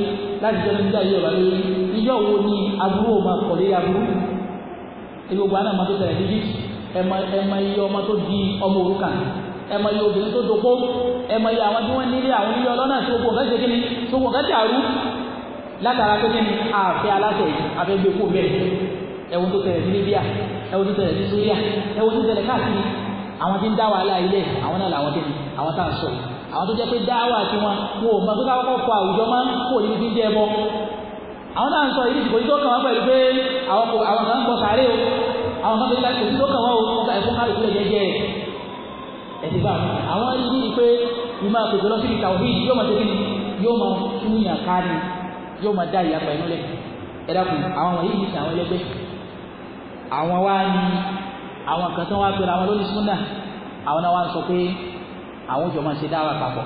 [SPEAKER 2] láti jẹ́ níjọba níjọba lórí ìjọ wo ni aburú ò máa pọ̀ lórí aburú gbogbo àná máa tó tẹ̀lé ní yìí ẹ̀mọ iye ọmọ tó di ọmọ òrùka ẹ̀mọ iye obìnrin tó dopó ẹ̀mọ iye àwọn tí wọ́n nílé àwọn ilé ọlọ́nà tó gbọ̀ kẹ́sẹ̀ kí ni tó gbọ̀ kẹ́sẹ̀ àrú látara pé kí ni àfẹ́ aláṣẹ àfẹ́ gbé bẹ́ẹ̀ ẹ̀wọ̀n tó tẹ̀lẹ̀ sí Libya ẹ̀wọ̀n tó tẹ̀lẹ̀ sí Syria ẹ̀wọ̀n tó tẹ̀lẹ̀ káàkiri àwọn tí ń dá wàhálà ilẹ̀ àwọn náà làwọn tẹ̀lé àwọn tá à ń sọ àwọn tó jẹ́ pé dáwà tiwọn wọn ò mọ tó káwọ́ fọ àwùjọ máa ń kó níbi tí ń jẹ́ ẹbọ àwọn náà ń sọ ìdí ìdìbò tó kàn wá pẹ̀lú pé àwọn kan ń bọ sàárè o àwọn kan tó ń láti tó kàn wá o wọn kà ẹ̀fọ́ kárò kúlẹ̀ jẹ́jẹ́ rẹ̀ ẹ̀sìn bá àwọn ìdí ni pé ìmọ̀ àpèjọ lọ síbi tàwọn bíi yóò máa tẹ́lẹ̀ yóò máa túnyàn kárí yóò máa dá ìyá pẹ̀lú lẹ̀ ẹ̀dá kù àwọn wọ̀nyí ìdí àwọn wá ní àwọn kan tó wá pera àwọn lórí súnà àwọn náà wá ń sọ pé àwọn òjò máa ṣe dáwà papọ̀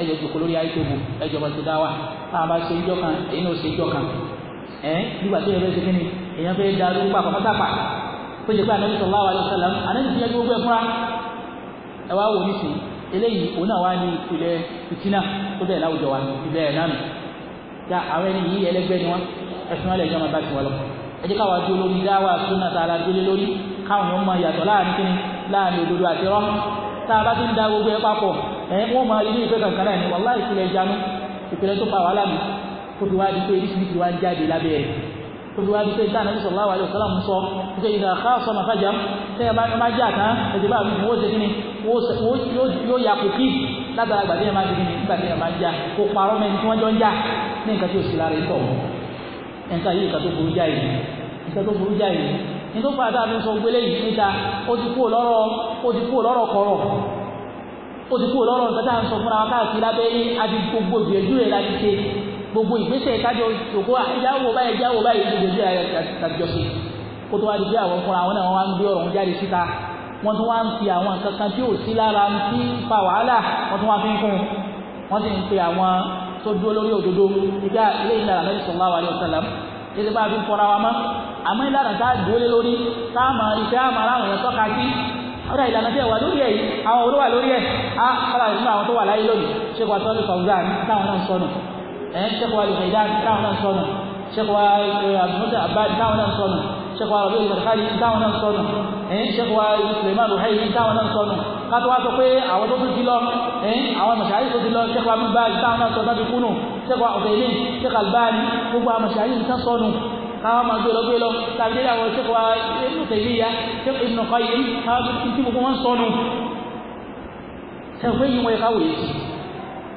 [SPEAKER 2] ẹjọ jòkó lórí ayétòbù ẹjọ máa ṣe dáwà táwọn bá ṣe ìjọ kan èyí náà ṣe ìjọ kan ẹ nígbà tó yẹ fẹ́ ṣe kí ni èèyàn fẹ́ darú papọ̀ pátápà tó ṣe pé anabi sallallahu alayhi wa sallam anabi ti yẹ gbogbo ẹ fúnra ẹ wá wò nísìn eléyìí òun náà wá ní ìpìlẹ̀ fìtínà tó bẹ̀rẹ̀ láwùjọ wa ìbẹ̀rẹ̀ náà nù ya àwọn ẹni yìí ẹlẹgbẹ́ ni wọn ẹ̀sùn ẹ jẹ́ káwa dúró lórí dáwà súnà tààrà dúró lórí káwọn èèyàn máa yàtọ̀ láàrin kíni láàrin òdodo àti rọ́ tá a bá ti ń da gbogbo ẹ papọ̀ ẹ wọ́n máa rí ní ìfẹ́ kankan náà ní wàhálà ìpìlẹ̀ ìjánu ìpìlẹ̀ tó fa wàhálà mi tó fi wá di pé oríṣiríṣi wá ń jáde lábẹ́ ẹ̀ tó fi wá di pé dáná ní sọ̀rọ̀ àwàlẹ̀ ọ̀sán àmúsọ nígbà yìí ká sọ màfà jà tẹ́ ẹ bá jà tán ẹ máa ń jà nǹkan yìí nǹkan tó burú jáì ní nǹkan tó burú jáì ní ní tó fàá dáadọ́ sọ gbélé yìí níta ó ti kú lọ́rọ̀ ó ti kú lọ́rọ̀ kọ̀rọ̀ ó ti kú lọ́rọ̀ nǹkan tá à ń sọ fúnra wa káàkiri lábẹ́lé àti gbogbo ìgbìyànjú rẹ̀ láti ṣe gbogbo ìgbésẹ̀ kájọ òkú ìjáwó báyìí ìjáwó báyìí ìgbìyànjú rẹ̀ tàbíjọ ṣe kó tó wá di pé àwọn fúnra wọn náà wọn wá ń gbé ọ̀rọ̀ ń jáde síta wọ́n tún wá ń fi àwọn nǹkan kan tí ò sí lára ń fi fa wàhálà wọ́n tún wá fi ń kún wọ́n sì ń pe àwọn tó dúró lórí òdodo ìgbà ilé ìlànà Ànábì sallallahu alaihi wasallam ilé bá a fi fọra wa mọ́ àmọ́ ìlànà tá a dúró lé lórí tá a mọ ìfẹ́ àmọ́ aláwọ̀ yẹn tọ́ka sí ọ̀rọ̀ ìlànà tí ẹ̀ wà lórí ẹ̀ yìí àwọn olówà lórí ẹ̀ á kọ́ra ìlú àwọn tó wà láyé lónìí ṣéèkù àtọ́lù fàwùzán táwọn náà sọnù ẹ̀ ṣéèkù alùfẹ̀dán táwọn náà sọnù ṣéèkù àbùmọ́tà àbáyé táwọn náà sọnù táwọn náà sọnù ẹ̀ ṣéèkù àbùmọ́tà kátó wá sọ pé àwọn tó tún ti lọ àwọn mọ̀ṣáyí tó ti lọ ṣẹ́kọ̀ọ́ amúgbá ìtàwọn náà sọ náà fi kúnnù ṣẹ́kọ̀ọ́ ọ̀fẹ́ ilé ṣẹ́kọ̀ọ́ albáni gbogbo àwọn mọ̀ṣáyí tán sọnù káwọn máa gbé lọ gbé lọ tàbí dé àwọn ṣẹ́kọ̀ọ́ ìmùtẹ̀lẹ́yà ṣẹ́kọ̀ọ́ ìmùkọ́ yìí káwọn tí gbogbo wọn sọnù ṣẹ́kọ̀ọ́ yìí wọ́n yẹ káwọ̀ yìí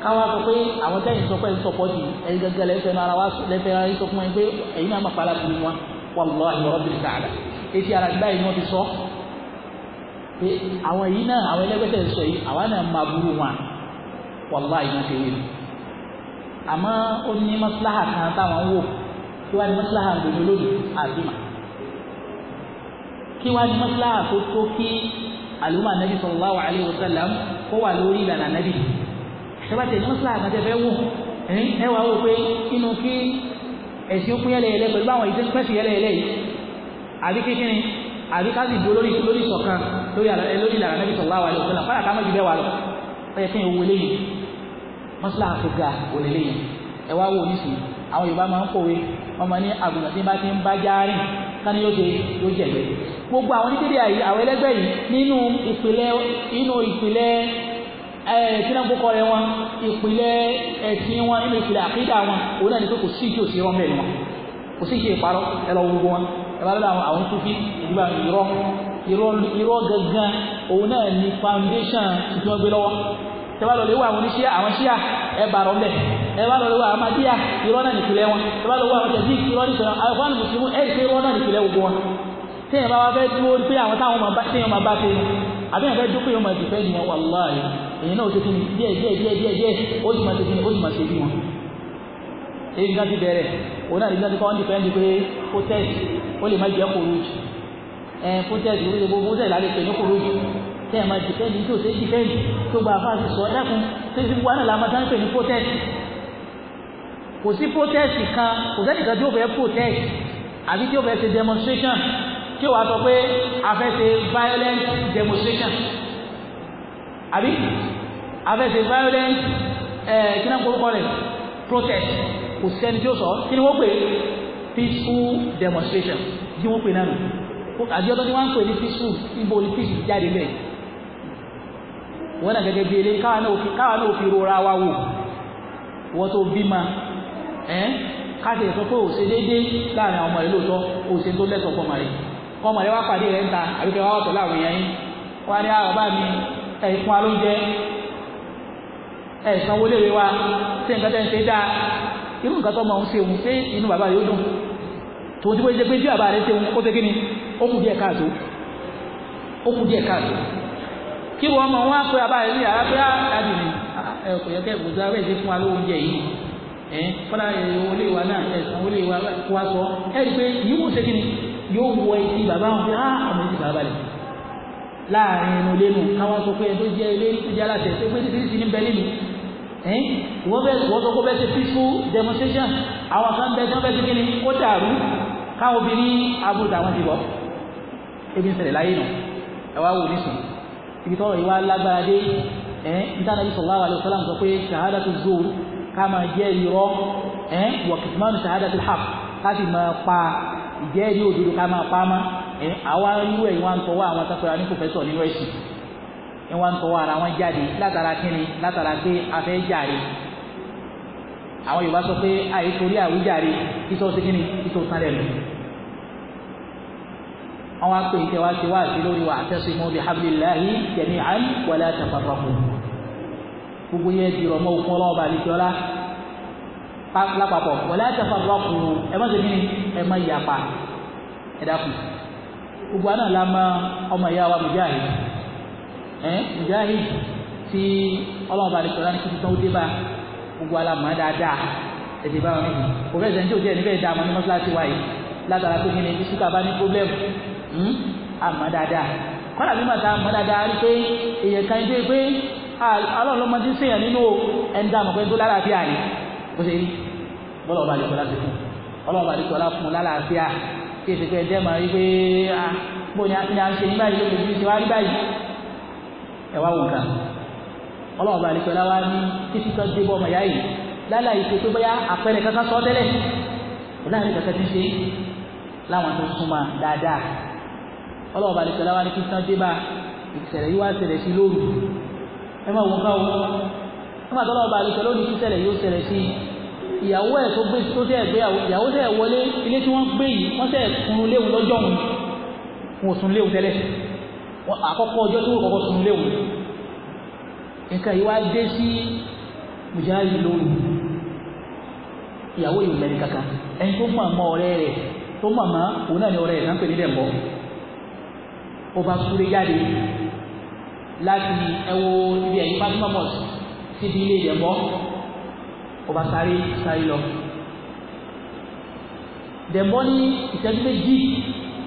[SPEAKER 2] káwọn sọ pé àwọn tẹ́yìn sọ pé ń sọpọ̀ sí ẹ̀yìn gẹ́gẹ́ lẹ́fẹ̀ẹ́ náà ara wa lẹ́fẹ̀ẹ́ ara yìí sọ fún ẹ pé ẹ̀yìn náà máa pa aláàbò wọn wàlúwà ìwọ́rọ̀ bìrì sáàdà etí ara gbáyìí ni wọ́n ti sọ pé àwọn yìí náà àwọn ẹlẹ́gbẹ́sẹ̀ sọ yìí àwa náà máa burú wọn wàláì náà ṣe yìí àmọ́ ó ní mọ́síláhà kan táwọn ń wò kí wàá ní mọ́síláhà gbogbo lónìí àbímà kí wàá ní mọ́síláhà tó tó kí àlùmọ́ ànábì sallallahu alaihi wasallam kó wà lórí ìlànà ànábì ṣẹ́bàtẹ̀ ní mọ́síláhà kan tẹ́ fẹ́ wò ẹ wàá wò pé inú kí ẹ̀sìn ó pín yẹlẹyẹlẹ pẹ̀lú àwọn ìdẹ́kùnfẹ́sì yẹlẹyẹlẹ yìí àbí kékeré àbí ká sì dúró lórí lórí ìṣọ̀kan lórí lórí ìlànà Nabi sallallahu alaihi wasallam fara ká má ju bẹ́ẹ̀ wà lọ ó yẹ kéèyàn wo léyìn mọ́sálà tó ga òlè léyìn ẹ wá wò nísìnyí àwọn Yorùbá máa ń kọ̀wé ọmọ ní àgùntàn tí bá ti ń bá járìn kání yóò ṣe yóò jẹ̀gbẹ́ gbogbo àwọn onídìrí àyè àwọn ẹlẹ́gbẹ́ yìí nínú ìpìlẹ̀ inú ìpìlẹ̀ wọn ìpìlẹ̀ kò sí ṣe ìparọ́ ẹ lọ gbogbo wọn ẹ bá lọ́dọ̀ àwọn sufi ìdíbà irọ́ irọ́ gangan òun náà ni foundation tí wọ́n gbé lọ́wọ́ ẹ bá lọ lè wọ àwọn oníṣíà àwọn ṣíà ẹ bá rọ bẹ́ẹ̀ ẹ bá lọ lè wọ àwọn amadíà irọ́ náà nìpìlẹ̀ wọn ẹ bá lọ wọ àwọn tẹ̀sí irọ́ nìpìlẹ̀ àwọn àwọn mùsùlùmí ẹ ṣe irọ́ náà nìpìlẹ̀ gbogbo wọn téèyàn bá wá fẹ́ dúró pé àwọn táwọn máa bá téèyàn máa bá pé àbí àwọn fẹ́ dúró pé wọ́n máa dìpẹ́ ni wọn wà láàyè èyí náà ó ti kí ni díẹ̀ díẹ̀ díẹ̀ díẹ̀ ó sì máa ti kí ni ó sì máa ṣe bí wọn. èyí nǹkan ti bẹ̀rẹ̀ òun náà nígbà tí wọ́n dìpẹ́ndì pé protest ó lè má jẹ́ kòròjù ẹ̀ protest ló lè gbogbo protest lálẹ́ pè ní kòròjù tẹ́ ẹ̀ máa dìpẹ́ndì tí ò sí dìpẹ́ndì tó gba àfa àti sọ ẹ̀dàkùn tó ti wà náà làmọ́ sáńpẹ̀ ní protest kò sí protest kan kò sẹ́nìkan tí ó fẹ́ protest àbí tí ó fẹ́ ṣe demonstration tí ó wàá sọ pé protest kò sẹ́ni tí ó sọ kí ni wọ́n pè peaceful demonstration kí wọ́n pè náà nù àbíọ́dọ́ tí wọ́n ń pè ní peaceful ibo ni peace jáde bẹ́ẹ̀ wọ́n náà gẹ́gẹ́ bí ilé káwa náà fi rora wa wò wọ́n tó bímọ ẹ́ káàkiri sọ pé òṣè déédé láàrin àwọn ọmọ rẹ lóòótọ́ òṣè tó lẹ́sọ̀ fọmọ rẹ kọmọ rẹ wá pàdé rẹ ń ta àbíkẹ́ wá wọ̀tọ̀ láwọn èèyàn yín wọ́n á ní àwọn bá mi ẹ̀fún alóúnjẹ ẹ̀sán wọlé wa ṣé nǹkan tẹ́ ń ṣe dáa irú nǹkan tó máa ń ṣeun pé inú bàbá rẹ̀ ó dùn tòun ti pé jẹ́ pé bí bàbá rẹ̀ ṣeun ó ṣe kí ni ó kù díẹ̀ káàtó ó kù díẹ̀ káàtó kí wọ́n mọ̀ wọ́n á pé bàbá rẹ̀ ní yàrá pé àdì ah, ni ah, ẹ kò yẹ kẹ́ kò sáré ṣe fún wa lóúnjẹ yìí ẹ fọlá olè wa náà ẹ̀sán olè wa kó wa sọ ẹ rí i pé yìí wò ṣe kí ni yóò wọ etí bàbá wọn pé ah ọmọ etí bàbá rẹ̀ láàrin inú ilé nù káwọn sọ pé ẹ tó jẹ ilé tó jẹ aláṣẹ pé títí sí ní bẹ́ẹ̀ nílùú wọ́n sọ kó bẹ́ẹ̀ ṣe peaceful demonstration àwọn kan bẹ́ẹ̀ tí wọ́n bẹ́ẹ̀ ṣe kíni kó dàrú káwọn obìnrin ti bọ̀ ebi ń ṣẹlẹ̀ láyé nù ẹ wá wò nísìn ibi lágbára dé pé ká máa jẹ́ láti máa pa òdodo ká máa pa á má àwa irú ẹ̀yìn wa ń tọwọ́ àwọn ń wá ń tọwọ́ ara wọn jáde látara kíni látara pé afẹ́ jàre àwọn Yorùbá sọ pé àyè torí àwíjàre kíso ṣe kíni kíso tán lẹ́nu àwọn akpè ìtẹ̀wá ti wá àti lórí wa àtẹ̀símọ́ bí hablillahi jami'an wala tafarraqu gbogbo yẹ dìrọ̀ mọ́ òkun ọlọ́wọ́ bá àlejò ọlá lápapọ̀ wala tafarraqu ẹ má sẹ́ni ẹ má yapa ẹ dákun gbogbo àná la mọ ọmọ ìyá wa mujahid ẹ̀ mujahid tí ọlọ́run balẹ̀ sọ̀rọ̀ ní kí tuntun ó dé bá gbogbo alamọ̀ dáadáa èdè bá wọn nìyí kò fẹ́ sẹ́ńtì òjì ẹ̀ níbẹ̀ dáa mọ́ ní mọ́ṣáláṣí wáyé látara pé kí ni ibi súkà bá ní pọ́blẹ́mù àmọ́ hmm, dáadáa kọ́lá bí màtá àmọ́ dáadáa rí pé èèyàn kan dé pé alọ́ọ̀lọ́mọdé sèèyàn nínú ẹni dáa mọ̀ pé tó lálàáfíà ni bó ṣe rí bọ́lá ọba ẹ̀wá wò ká ọlọ́ọ̀bá àlekọ́lá wa ní títí tó dé bọ́ ọmọ ìyá yìí lálẹ́ àyè tó bóyá àpẹẹrẹ kankan sọ tẹ́lẹ̀ láàrin kankan ti ṣe láwọn tó súnmọ́ dáadáa ọlọ́ọ̀bá àlekọ́lá wa ní títí tó dé bá ìṣẹ̀lẹ̀ yìí wá ṣẹlẹ̀ sí lóru ẹ má wò ká o nígbà tó ọlọ́ọ̀bá àlekọ́lá ó ní kí ṣẹlẹ̀ yóò ṣẹlẹ̀ sí wọn àkọ́kọ́ ọjọ́ tó kọ́kọ́ sun léwu nǹkan yìí wá dé sí mujahid lónìí ìyàwó yìí lẹ́ni kankan ẹni tó mọ̀ mọ́ ọ̀rẹ́ rẹ̀ tó mọ̀ mọ́ òun náà ni ọ̀rẹ́ rẹ̀ náà ń pè ní dẹ̀mbọ́ ó bá súré jáde láti ẹwo ibi ẹ̀yìn Fatima mosque síbi ilé ìdẹ̀mbọ́ ó bá sáré sáré lọ dẹ̀mbọ́ ní ìtẹ́jú méjì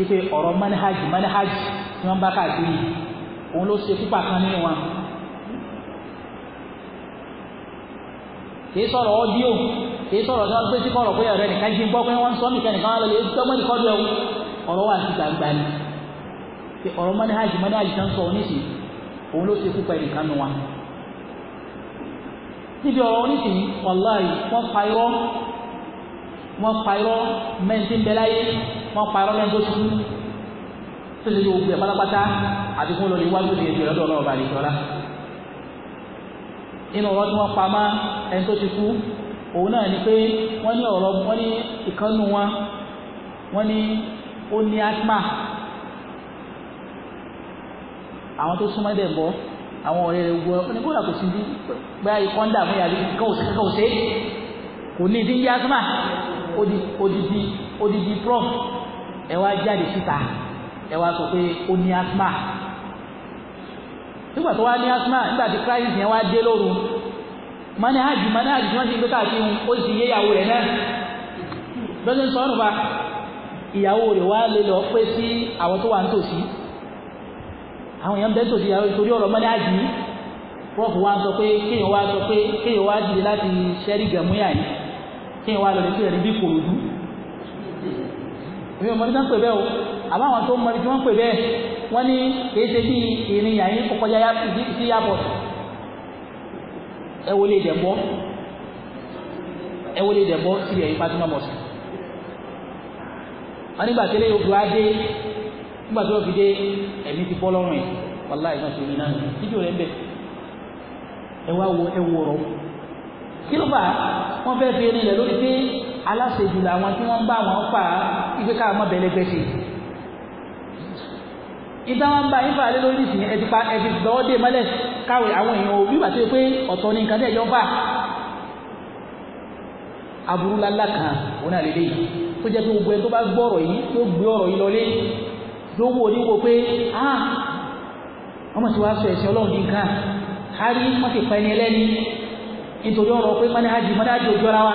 [SPEAKER 2] wípé ọ̀rọ̀ manhaj manhaj tí wọ́n bá káàkiri òun ló ṣe púpà kan nínú wa kìí sọ̀rọ̀ ọ́díò kìí sọ̀rọ̀ tí wọ́n gbé sí kọ̀rọ̀ pé ọ̀rẹ́ nìkan jí ń gbọ́ pé wọ́n ń sọ nìkan nìkan lè tọ́gbọ́n ẹ̀wù ọ̀rọ̀ wà sí gbangba ni ọ̀rọ̀ sọ òun ló ṣe púpà nìkan wa níbi ọ̀rọ̀ wọ́n pa irọ́ wọ́n pa irọ́ wọ́n parọ́ lẹ́nu tó sùn tó ṣe ti gbogbo ẹ̀ pátápátá àti fún lórí iwájú ní ètò ìrọ́dọ̀ ọlọ́ọ̀bà àdìsọ́lá nínú ọ̀rọ̀ tí wọ́n pa má ẹni tó ti kú òun náà ni pé wọ́n ní ọ̀rọ̀ wọ́n ní ìkànnù wọn wọ́n ní ó ní asma àwọn tó súnmọ́ dẹ̀ bọ́ àwọn ọ̀rẹ́ rẹ̀ gbọ́ ọ ní kódà kò bí bá ikọ́ ń dà fún yàrá kọ́ọ̀sì kọ́ọ̀sì kò ní ìdí ń asma odidi odidi prof ẹ wá jáde síta ẹ wá sọ pé ó ní asma nígbà tó wá ní asma nígbà tí crisis yẹn wá dé lóru manahajì manahajì tí wọ́n ti gbé káàkiri ó sì yé ìyàwó rẹ̀ náà lọ́sẹ̀ ń sọ ọ́nù pa ìyàwó rẹ̀ wá lè lọ pé sí àwọn tó wà ń tòsí àwọn èèyàn bẹ́ẹ̀ tòsí ìyàwó ìtorí ọ̀rọ̀ manahajì prof wa sọ pé kéèyàn wá sọ pé kéèyàn wá dìde láti ṣẹ́rí gàmúyà yìí kéèyàn wá lọ lè pè é bí kòròdú èmi ò mọ̀rí tán pè bẹ́ẹ̀ o àbá àwọn tó mọ̀rí tí wọ́n pè bẹ́ẹ̀ wọ́n ní kì í ṣe bí ìrìn yàyín kó kọjá sí airport ẹ wọlé ìdẹ̀bọ́ ẹ wọlé ìdẹ̀bọ́ sí ẹ̀yìn Fatima mosque
[SPEAKER 1] wọ́n nígbà tẹ́lẹ̀ yóò fi wá dé
[SPEAKER 2] nígbà tó fi dé ẹ̀mí ti bọ́ lọ́rùn ẹ̀ wàláì náà ṣe ní náà fídíò rẹ̀ ń bẹ̀ ẹ wá wo ẹ wọ̀rọ̀ kí ló fà wọ́n fẹ́ fi ẹni lẹ̀ lórí pé aláṣejù làwọn tí wọ́n bá wọn fà á ibi ká mọ́ bẹ̀lẹ́gbẹ́ sí i ìta wọn bá yín fà lórí ìsìn ẹ pa ẹ ti mọ́lẹ̀ káwé àwọn èèyàn òbí wà sí pé ọ̀tọ̀ ni nǹkan tẹ̀ yọ fà aburú lálá kan òun náà lélẹ́yìn tó jẹ́ pé gbogbo ẹ tó bá gbọ́ ọ̀rọ̀ yìí yóò gbé ọ̀rọ̀ yìí lọlé yóò wò pé ah wọ́n mọ̀ sí wàá sọ ẹ̀sìn ọlọ́run ní nǹkan kárí wọ́n sì pa ẹni ẹlẹ́ni nítorí ọ̀rọ̀ pé mọ́nájì mọ́nájì òjọ́ra wa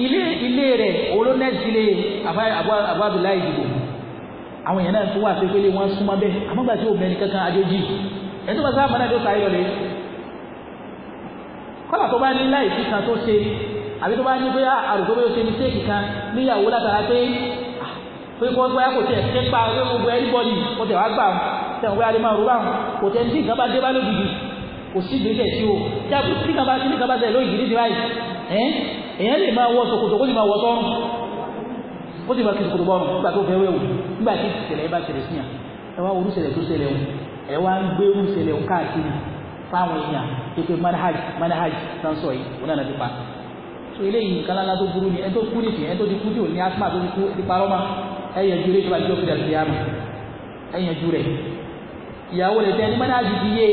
[SPEAKER 2] ilé ilé rẹ̀ olónẹ́sì ilé Abu Abdullahi ìdìbò àwọn èèyàn náà tó wà pépélé wọn súnmọ́ bẹ́ẹ̀ àmọ́gbà tí obìnrin kankan adójì ẹni tó bá sáà mọ́nà tó sáyọ rẹ̀ kọ́lá tó bá ní láìsí kan tó ṣe àbí tó bá ní pé àrùkọ́ ah, bí ó ṣe ní séèkì kan níyàwó látara pé ah, pé kó gbáyà kò tẹ̀ ṣe pa gbogbo everybody kò tẹ̀ wá gbà tẹ̀wọ́n gbáyà lè máa rú báwọn kò tẹ̀ ní ìkan bá dé bá lójijì kò sí ìgbésẹ̀ sí o tí a kò sí ìkan bá sí ìkan bá tẹ̀ lójijì ní ti báyìí èèyàn lè máa wọ ṣòkòtò ọ sì máa wọ sọ́rùn ó sì máa kí ṣòkòtò bọ́ọ̀rùn nígbà tó fẹ́ wéwu nígbà tí ìṣẹ̀lẹ̀ bá ṣẹlẹ̀ sí yàn ẹ wá orú ṣẹlẹ̀ tó ṣẹlẹ̀ o ẹ ka ń gbé orú ṣẹlẹ̀ o káàkiri fáwọn èèyàn pépé manhaj manhaj tán sọ yìí òun náà ti pa so eléyìí nǹkan lánàá tó burú ni tó kú tó ti kú asma tó ti kú ti parọ́ rẹ̀ ìyàwó rẹ̀ tẹ́ ní mọ́nájú ti yé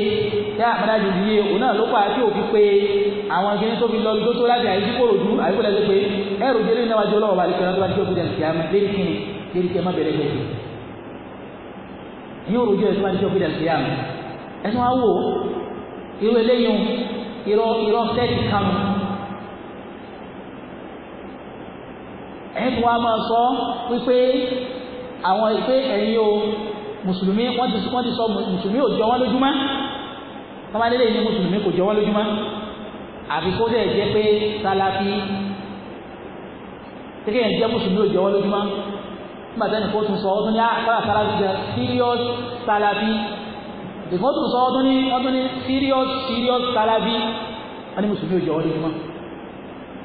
[SPEAKER 2] yá mọ́nájú ti yé òun náà ló pa tí òfin pé àwọn akẹ́ni tó fi lọ ibi tó tó láti àyíkú kò ròdú àyíkú lẹ́sẹ̀ pé ẹrù délé náà wájú ọlọ́wọ́ balẹ̀ kẹrẹ́ tó bá ti jókòó dẹ̀sì kìá lérí kíni lérí kẹ́ má bẹ̀rẹ̀ gbèsè yóò rojú ẹ̀ tó bá ti jókòó dẹ̀sì kìá ẹ̀sùn wa wò irú eléyìí irọ́ irọ́ sẹ́ẹ̀tì kanu ẹ̀sùn wa máa sọ wípé àwọn ìpè ẹ̀yìn o mùsùlùmí wọ́n ti wọ́n ti sọ mùsùlùmí ò jọ wọ́n lójúmọ́ tọ́mọdé ní mùsùlùmí kò jọ wọ́n lójúmọ́ àfi kó dẹ̀ jẹ́ pé sáláfí tẹ́kẹ́ yẹn jẹ́ mùsùlùmí ò jọ wọ́n lójúmọ́ nígbà tẹ́ni kó tún sọ ọdún ní àkàrà sáláfí jẹ́ serious sáláfí ìgbọ́n tún sọ ọdún ní ọdún ní serious serious sáláfí wọ́n ní mùsùlùmí ò jọ wọ́n lójúmọ́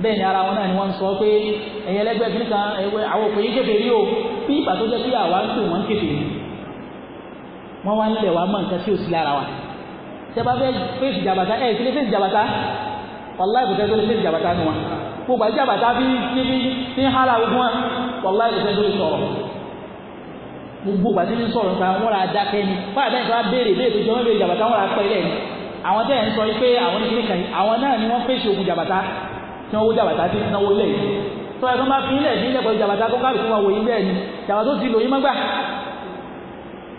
[SPEAKER 2] bẹ́ẹ̀ ni ara wọn náà ni wọ́n ń sọ pé ẹ̀yẹlẹ́gbẹ́ kìnnìkan àwọn òpè yín kékeré o bí ìgbà tó jẹ́ pé àwa ń pè wọ́n kékeré wọ́n wá ń lẹ̀ wá mọ̀ nǹkan tí ò sí lára wa tẹ́bá fẹ́ fèsì jàbàtà ẹ̀ sílé fèsì jàbàtà wàláì kò tẹ́tọ́ lè fèsì jàbàtà nù wọn kò gbà jàbàtà bí níbi ní hàlà ogun wọn wàláì kò tẹ́tọ́ lè sọ̀rọ̀ gbogbo gbà tí ní sọ̀rọ̀ nǹkan wọn ra dákẹ́ ni fún àbẹ́yìn tó bá béèrè béèrè tó jọ wọn béèrè jàbàtà wọn ra pẹ́ lẹ́yìn àwọn tẹ́ ń sọ pé àwọn ní kíníkà yìí àwọn náà ni wọ́n fèsì ogun jàbàtà tí wọ́n wó jàbàtà tí náwó lẹ́yìn tó ẹ̀kọ́ máa fi ilẹ̀ ìdílé pẹ̀lú jàbàtà kó káàkiri wọn wòye bẹ́ẹ̀ ni jàbàtà ó ti lòyìn mọ́gbà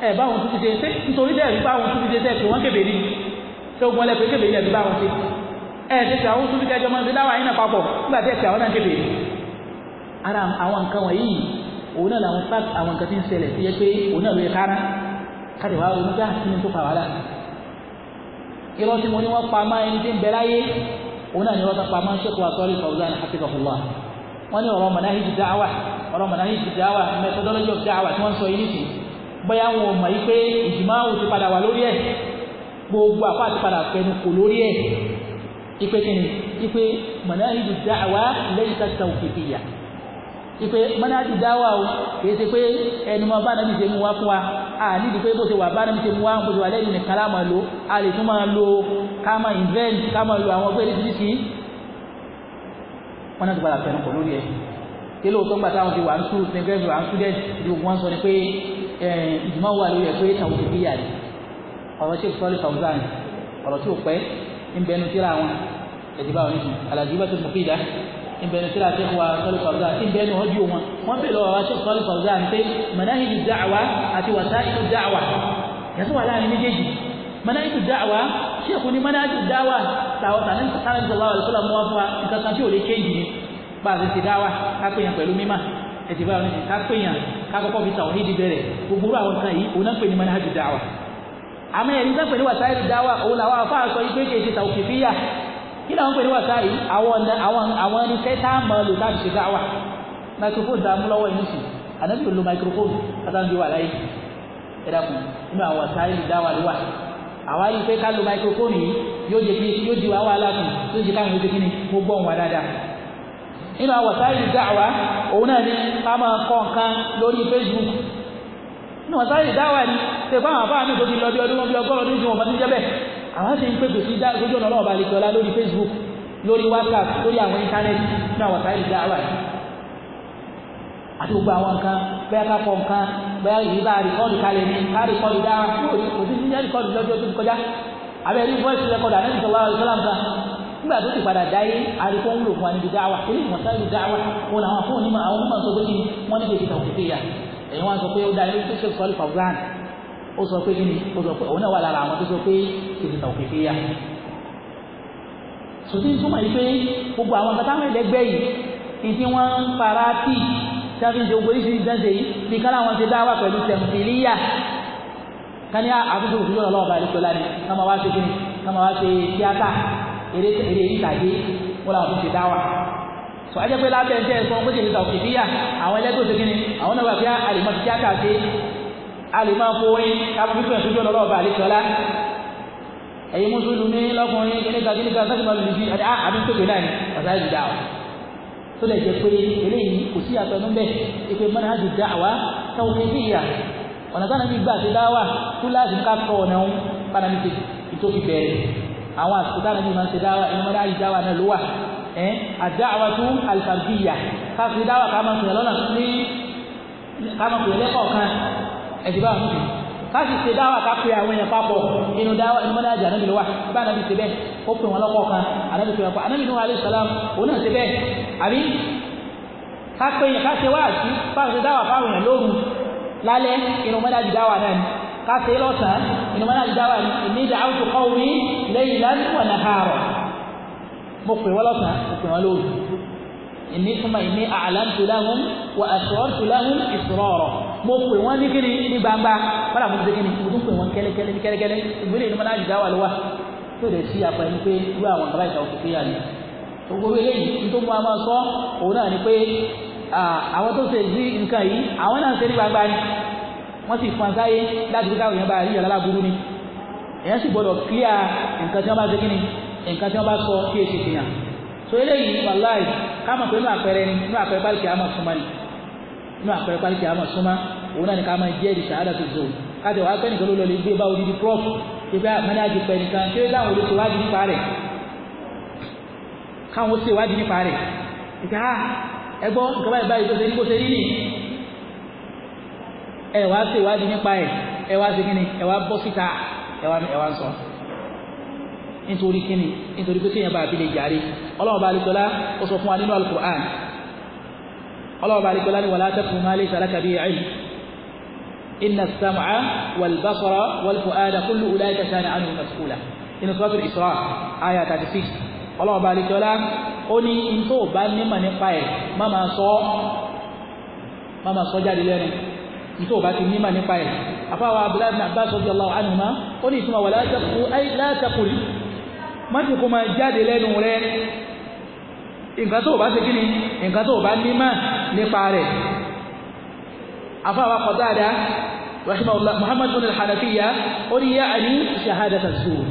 [SPEAKER 2] ẹ bá wọn tún ti ṣe nítorí dẹ́rù bá wọn tún ti ṣe tẹ́ pé wọ́n kébè ní ṣé ogun ọlẹ́pẹ́ kébè ní ẹ̀bí bá wọn ṣe ẹ ṣe ṣe àwọn tún ti kẹjọ mọ́tò láwọn àyínà papọ̀ nígbà tí ẹ ṣe àwọn náà kébè ní. ara àwọn nǹkan wọ̀nyí òun náà làwọn fact àwọn nǹkan tí ń ṣẹlẹ̀ sí yẹ pé òun náà ló yẹ kára káde wàá ronú gbà ah, kí ni tó fà wàhálà irọ́ tí mo ní wọ́n pa máa ẹni tí ń bẹ láyé òun náà ni wọ́n pa máa ń ṣètò àtọ́rí Fawzan hafizahullah wọ́n ní ọ̀rọ̀ manahij da'wa ọ̀rọ̀ manahij da'wa methodology of da'wa tí wọ́n sọ yìí nìsín bóyá wọn ò mọ̀ yí pé ìjìmọ̀ àwọn ti padà wà lórí ẹ̀ gbogbo àpá àti padà fẹnu kò lórí ẹ̀ ipe kini ipe mọ̀nàdì dáwà lẹ́yìn tàṣà òkèkèyà ipe mọ̀nàdì dáwà o kìí ṣe pé ẹnu mọ́ bánàbí ṣe mú wá fún wa a nídìí pé bó ṣe wà bánàbí ṣe mú wá bó ṣe wà lẹ́yìn nìkan láàmà lo a lè tún máa lo káàmà invent káàmà lo àwọn ọgbẹ́ oríṣiríṣi wọn náà ti padà fẹnu kò lórí ẹ̀ kí lóòótọ́ gbà táwọn ti wà ń sùn ní fẹ́ẹ́ wà ń sùn dẹ́ẹ̀dì ìdí ògùn wọn sọ ni pé Eh, ìjùmọ̀ wà lórí ẹ̀ pé tàwọn ti bíyà rẹ̀ ọ̀rọ̀ tí o sọ́ọ́lì fàwùzán ọ̀rọ̀ tí o pẹ́ ńbẹnu tíra wọn ẹ̀dìbà wọn nìkan alàjì bá tó mọ̀ kéda ńbẹnu tíra tí wà sọ́ọ́lì fàwùzán ńbẹnu ọdí wọn wọn bèèrè ọ̀rọ̀ tí o sọ́ọ́lì fàwùzán pé mọ̀nàhìjì dàwa àti wàsáìlú dàwa yàtọ̀ wà láàrin méjèèjì mọ̀nàhìjì dàwa ṣéèkù ni mọ̀nàhìjì dàwa tàwọn kákọ́kọ́ fi tàwhídì bẹ̀rẹ̀ gbogbo àwọn kan yìí òun náà pè ní manhaj dáwà àmọ́ ẹ̀rí ń pè ní wàsáìlì dáwà òun làwọn afá sọ yìí pé kì í ṣe tawqifiyya kí làwọn pè ní wàsáì àwọn irinṣẹ́ tá a mọ̀ lò láti ṣe dáwà microphone tá a mú lọ́wọ́ ìmúṣì ànábì lo microphone kátàǹdì wà láyé ẹ̀dá kù nínú àwọn wàsáìlì dáwà ló wà àwa yìí pé ká lo microphone yìí yóò di wàhálà kù yóò di káwọn ojú kíni mo gbọ́ wọn dáadáa nínú àwọn sáyẹ̀lì dáwà òun náà ni ká máa kọ́ nǹkan lórí Facebook nínú àwọn sáyẹ̀lì dáwà ni ṣe fún àwọn afáàmì tó ti lọ bí ọdún wọn bí ọgọ́rùn ọdún ìjùmọ̀ ọmọdé jẹ́bẹ̀ àwọn sì ń pèpè sí lójú ọ̀nà ọlọ́ọ̀bá lè tọ́lá lórí Facebook lórí WhatsApp lórí àwọn íńtánẹ́ẹ̀tì nínú àwọn sáyẹ̀lì dáwà ni àti gbogbo àwọn nǹkan bẹ́ẹ̀ ká pọ̀ nǹkan bẹ́ẹ̀ yìí bá rìkọ́ọ̀dù kalẹ̀ ní ká rìkọ́ọ̀dù dára kò sí ní rìkọ́ọ̀dù lọ́jọ́ tó kọjá abẹ́rẹ́ voice record àti ìṣọ̀lá ìṣọ̀lá nǹkan nígbà tó ti padà dáyé àríkọ́ ń lò fún wa níbi dáwà eré ìwọ̀n sáré níbi dáwà wọn làwọn fún onímọ̀ àwọn onímọ̀ sọ pé kí wọ́n níbi ìdìtà òkúté yà ẹ̀yin wọn sọ pé ó dá ilé tó ṣe sọ́ọ́lì fàbúrán ó sọ pé kí ni ó sọ pé òun náà wà lára àwọn tó sọ pé ìdìtà òkúté yà. sòtí ń túmọ̀ yìí pé gbogbo àwọn kata wọn ẹlẹgbẹ́ yìí ìdí wọn ń fara tí sáfíńsì ogbó ìṣirí dáńsẹ̀ yìí bí kálá wọn ti dáwà pẹ̀lú tẹ̀m̀pìlíyà ká ní òfin lọ́wọ́ bá ilé pẹ̀lá ni ká wá ṣe kí ni wá ṣe tíátà eré eré ìtàgé wọn làwọn tó ṣe dáwà sọ ajẹ́ pé lábẹ́ ẹ̀jẹ̀ sọ bó ṣe ní sàwọn kìdíyà àwọn ẹlẹ́gbẹ́ òṣèké ni àwọn náà wà pé àlèmọ́ ti jáka ṣe àlèmọ́ fowóyin káfíńtì fún ẹ̀sùn jọ́lọ́ ọba àlejòlá ẹ̀yin mùsùlùmí lọ́kùnrin kíníkà kíníkà sọ́kùnrin máa lùlù sí àdá àbí tóbi náà ni ọ̀sán ẹ̀sùn dáwà tó lè jẹ pé eléyìí kò sí àtẹnu bẹ́ẹ̀ ìpè mọ́nà á ti dá àwa táwọn kìdíyà ọ̀nà táwọn ẹbí gbà ti dáwà kúláàsì ká kọ ọ̀nà òun àwọn àsìkò táwọn ẹbí máa ń ṣe dáwà ẹni mọ́dá yìí dáwà náà ló wà ẹ́ àdáwàtú àlùfàbíyà káfí dáwà ká máa pèèyàn lọ́nà ní ká máa pèèyàn lẹ́kọ̀ọ́ kan ẹ̀dí bá wọn káfí ṣe dáwà ká pè àwọn èèyàn papọ̀ inú dáwà ẹni mọ́dá yìí ànábì ló wà bá ànábì ṣe bẹ́ẹ̀ ó pè wọn lọ́kọ̀ọ́ kan ànábì ṣe wọn pa ànábì Nuhu alayhi salam òun náà ṣe káṣe lọ́sàn-án inú mọ́nà ìdáwà ìní ìdáhùtù kọ́wé lẹ́yìn lánàá wọ̀nà àárọ̀ mo pè wọ́n lọ́sàn-án mo pè wọ́n lóru ìní súnmọ́ ìní àlàntù lahum wà àṣọ́ọ̀tù lahum ìṣòro mo pè wọ́n ní kíni ní gbangba wọ́n àmọ́ kíni mo tún pè wọ́n kẹ́lẹ́kẹ́lẹ́ kẹ́lẹ́kẹ́lẹ́ ìgbélé inú mọ́nà ìdáwà ló wà tó lè ṣí apá ẹni pé irú àwọn àbá ìdáwà kò fẹ́yà ni gbogbo eléyìí nítorí wọn a máa sọ òun náà ni pé àwọn tó ṣe sí nǹkan yìí àwọn náà ń ṣe ní gbangba ni wọ́n sì fún asáyé láti fi káwọn èèyàn bá rí ìyàrá láburú ni èèyàn sì gbọ́dọ̀ clear nǹkan tí wọ́n bá ṣe kí ni nǹkan tí wọ́n bá sọ kí èsì fìyàn so eléyìí wàláì káàmọ̀ pé inú àpẹẹrẹ ni inú àpẹẹrẹ pálíkì àmọ̀ súnmọ́ ni inú àpẹẹrẹ pálíkì àmọ̀ súnmọ́ òun náà ni ká máa jẹ́ ìdí ṣàhádà tó zòó káàtì wàá pẹ́ nìkan ló lọ lè gbé bá odidi prop ìgbà mẹ́nájì pẹ̀ nìkan tí ó dáhùn olóṣèlú wádìí nípa rẹ̀ káwọn ó ṣèwádìí nípa rẹ̀ ìgbà ah, ẹgbọ́ nǹkan báyìí báyìí tó ṣe ní kó ṣe rí ẹ wá ṣe ìwádìí nípa ẹ̀ ẹ wá ṣe kí ni ẹ wá bọ́ síta ẹ wá ẹ wá ń sọ nítorí kí ni nítorí pé kéèyàn bá àbí lè jàre ọlọ́run bá alẹ́kọ́lá ó sọ fún wa nínú alukur'an ọlọ́run bá alẹ́kọ́lá ni wàlá tẹ́kùn máa lè sàlákà bí ẹ̀yìn inna sam'a wal basara wal fu'ada kullu ulaika kana anhu mas'ula inú suratul isra aya 36 ọlọ́run bá alẹ́kọ́lá ó ní n tó bá nímọ̀ nípa ẹ̀ má máa sọ má máa sọ jáde lẹ́nu ìtò bá ti nímà nípa ẹ̀ àfáwà abúláàbí Abbas radiyallahu anhuma ó ní ìtumọ̀ wà látàkùrí mọ́tì kó máa jáde lẹ́nu rẹ̀ nǹkan tó bá ṣe kí ni nǹkan tó bá nímà nípa rẹ̀ àfáwà Qatada rahimahullah Muhammad bin al-Hanafiya ó ní ya'ni shahadata zuur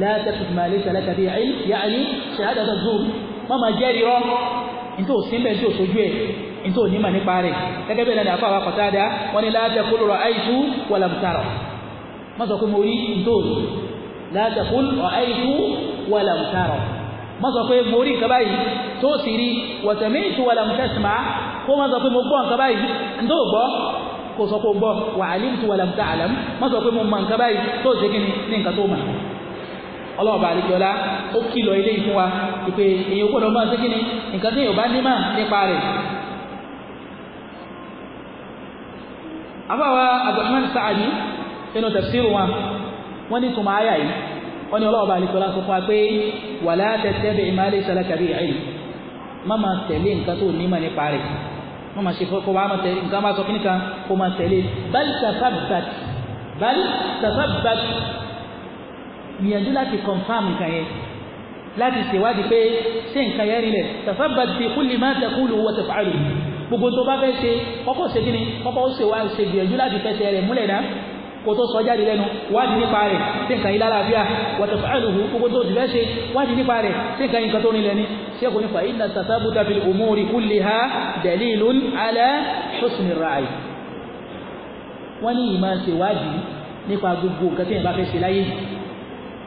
[SPEAKER 2] látàkùrí ma laysa laka bihi ilm ya'ni shahadata zuur mọ́ máa jẹ́rìí rọ́ nítorí òsínbẹ̀ tí ò ẹ̀ nítorí onímọ̀ nípa rẹ̀ gẹ́gẹ́ bẹ́ẹ̀ náà àfa àwàkọ̀ táadá wọ́n ní látẹ̀kùn rọ̀ àìsú wọ̀làm tààrọ̀ má sọ pé mo rí nítorí látẹ̀kùn rọ̀ àìsú wọ̀làm tààrọ̀ má sọ pé mo rí nǹkan báyìí tó sì rí wọ̀tẹ̀mí ìtú wọ̀làm tẹ̀sìmá kó má sọ pé mo gbọ́ nǹkan báyìí nítorí gbọ́ kó sọ pé gbọ́ wà alimtu wàlàm tààlàm má sọ pé mo ó kìlọ̀ ilé ìfún wa ìpè èyí ó gbọ́dọ̀ máa ṣe kí ni nǹkan tí èèyàn bá ní mà nípa rẹ̀ afáwa abdulrahman saadi inú tafsiru wọn wọ́n ní tùmọ̀ ayà yìí wọ́n ní ọlọ́ọ̀bá alikola sọ fún wa pé wala tattabi' ma laysa laka bihi ilm má ma tẹ̀lé nǹkan tó nímọ̀ nípa rẹ̀ má ma ṣe kó wàá ma tẹ̀lé nǹkan bá sọ kíníkà kó ma tẹ̀lé bal tathabbat bal tathabbat gbìyànjú láti confam nǹkan yẹn láti ṣèwádìí pé ṣé nǹkan yẹn rí lẹ̀ tathabbat fi kulli ma taqulu wa gbogbo tó bá fẹ́ ṣe kọ́kọ́ ṣe kí ni kọ́kọ́ ó ṣe wá ṣe gbìyànjú láti fẹsẹ̀ rẹ̀ múlẹ̀ náà kò tó sọ jáde lẹ́nu wádìí nípa rẹ̀ tí nǹkan yìí lálàáfíà wàtò fàálùhù gbogbo tó dìbẹ́ ṣe wádìí nípa rẹ̀ tí nǹkan yìí kan tó nílẹ̀ ni ṣéèkù nípa iná tàtàbù tàbí òmùrì kúlè ha dalilun ala husni ra'ayi. wọ́n ní ìmọ̀ ṣe wádìí nípa gbogbo nǹkan tí yẹn fẹ́ ṣe láyé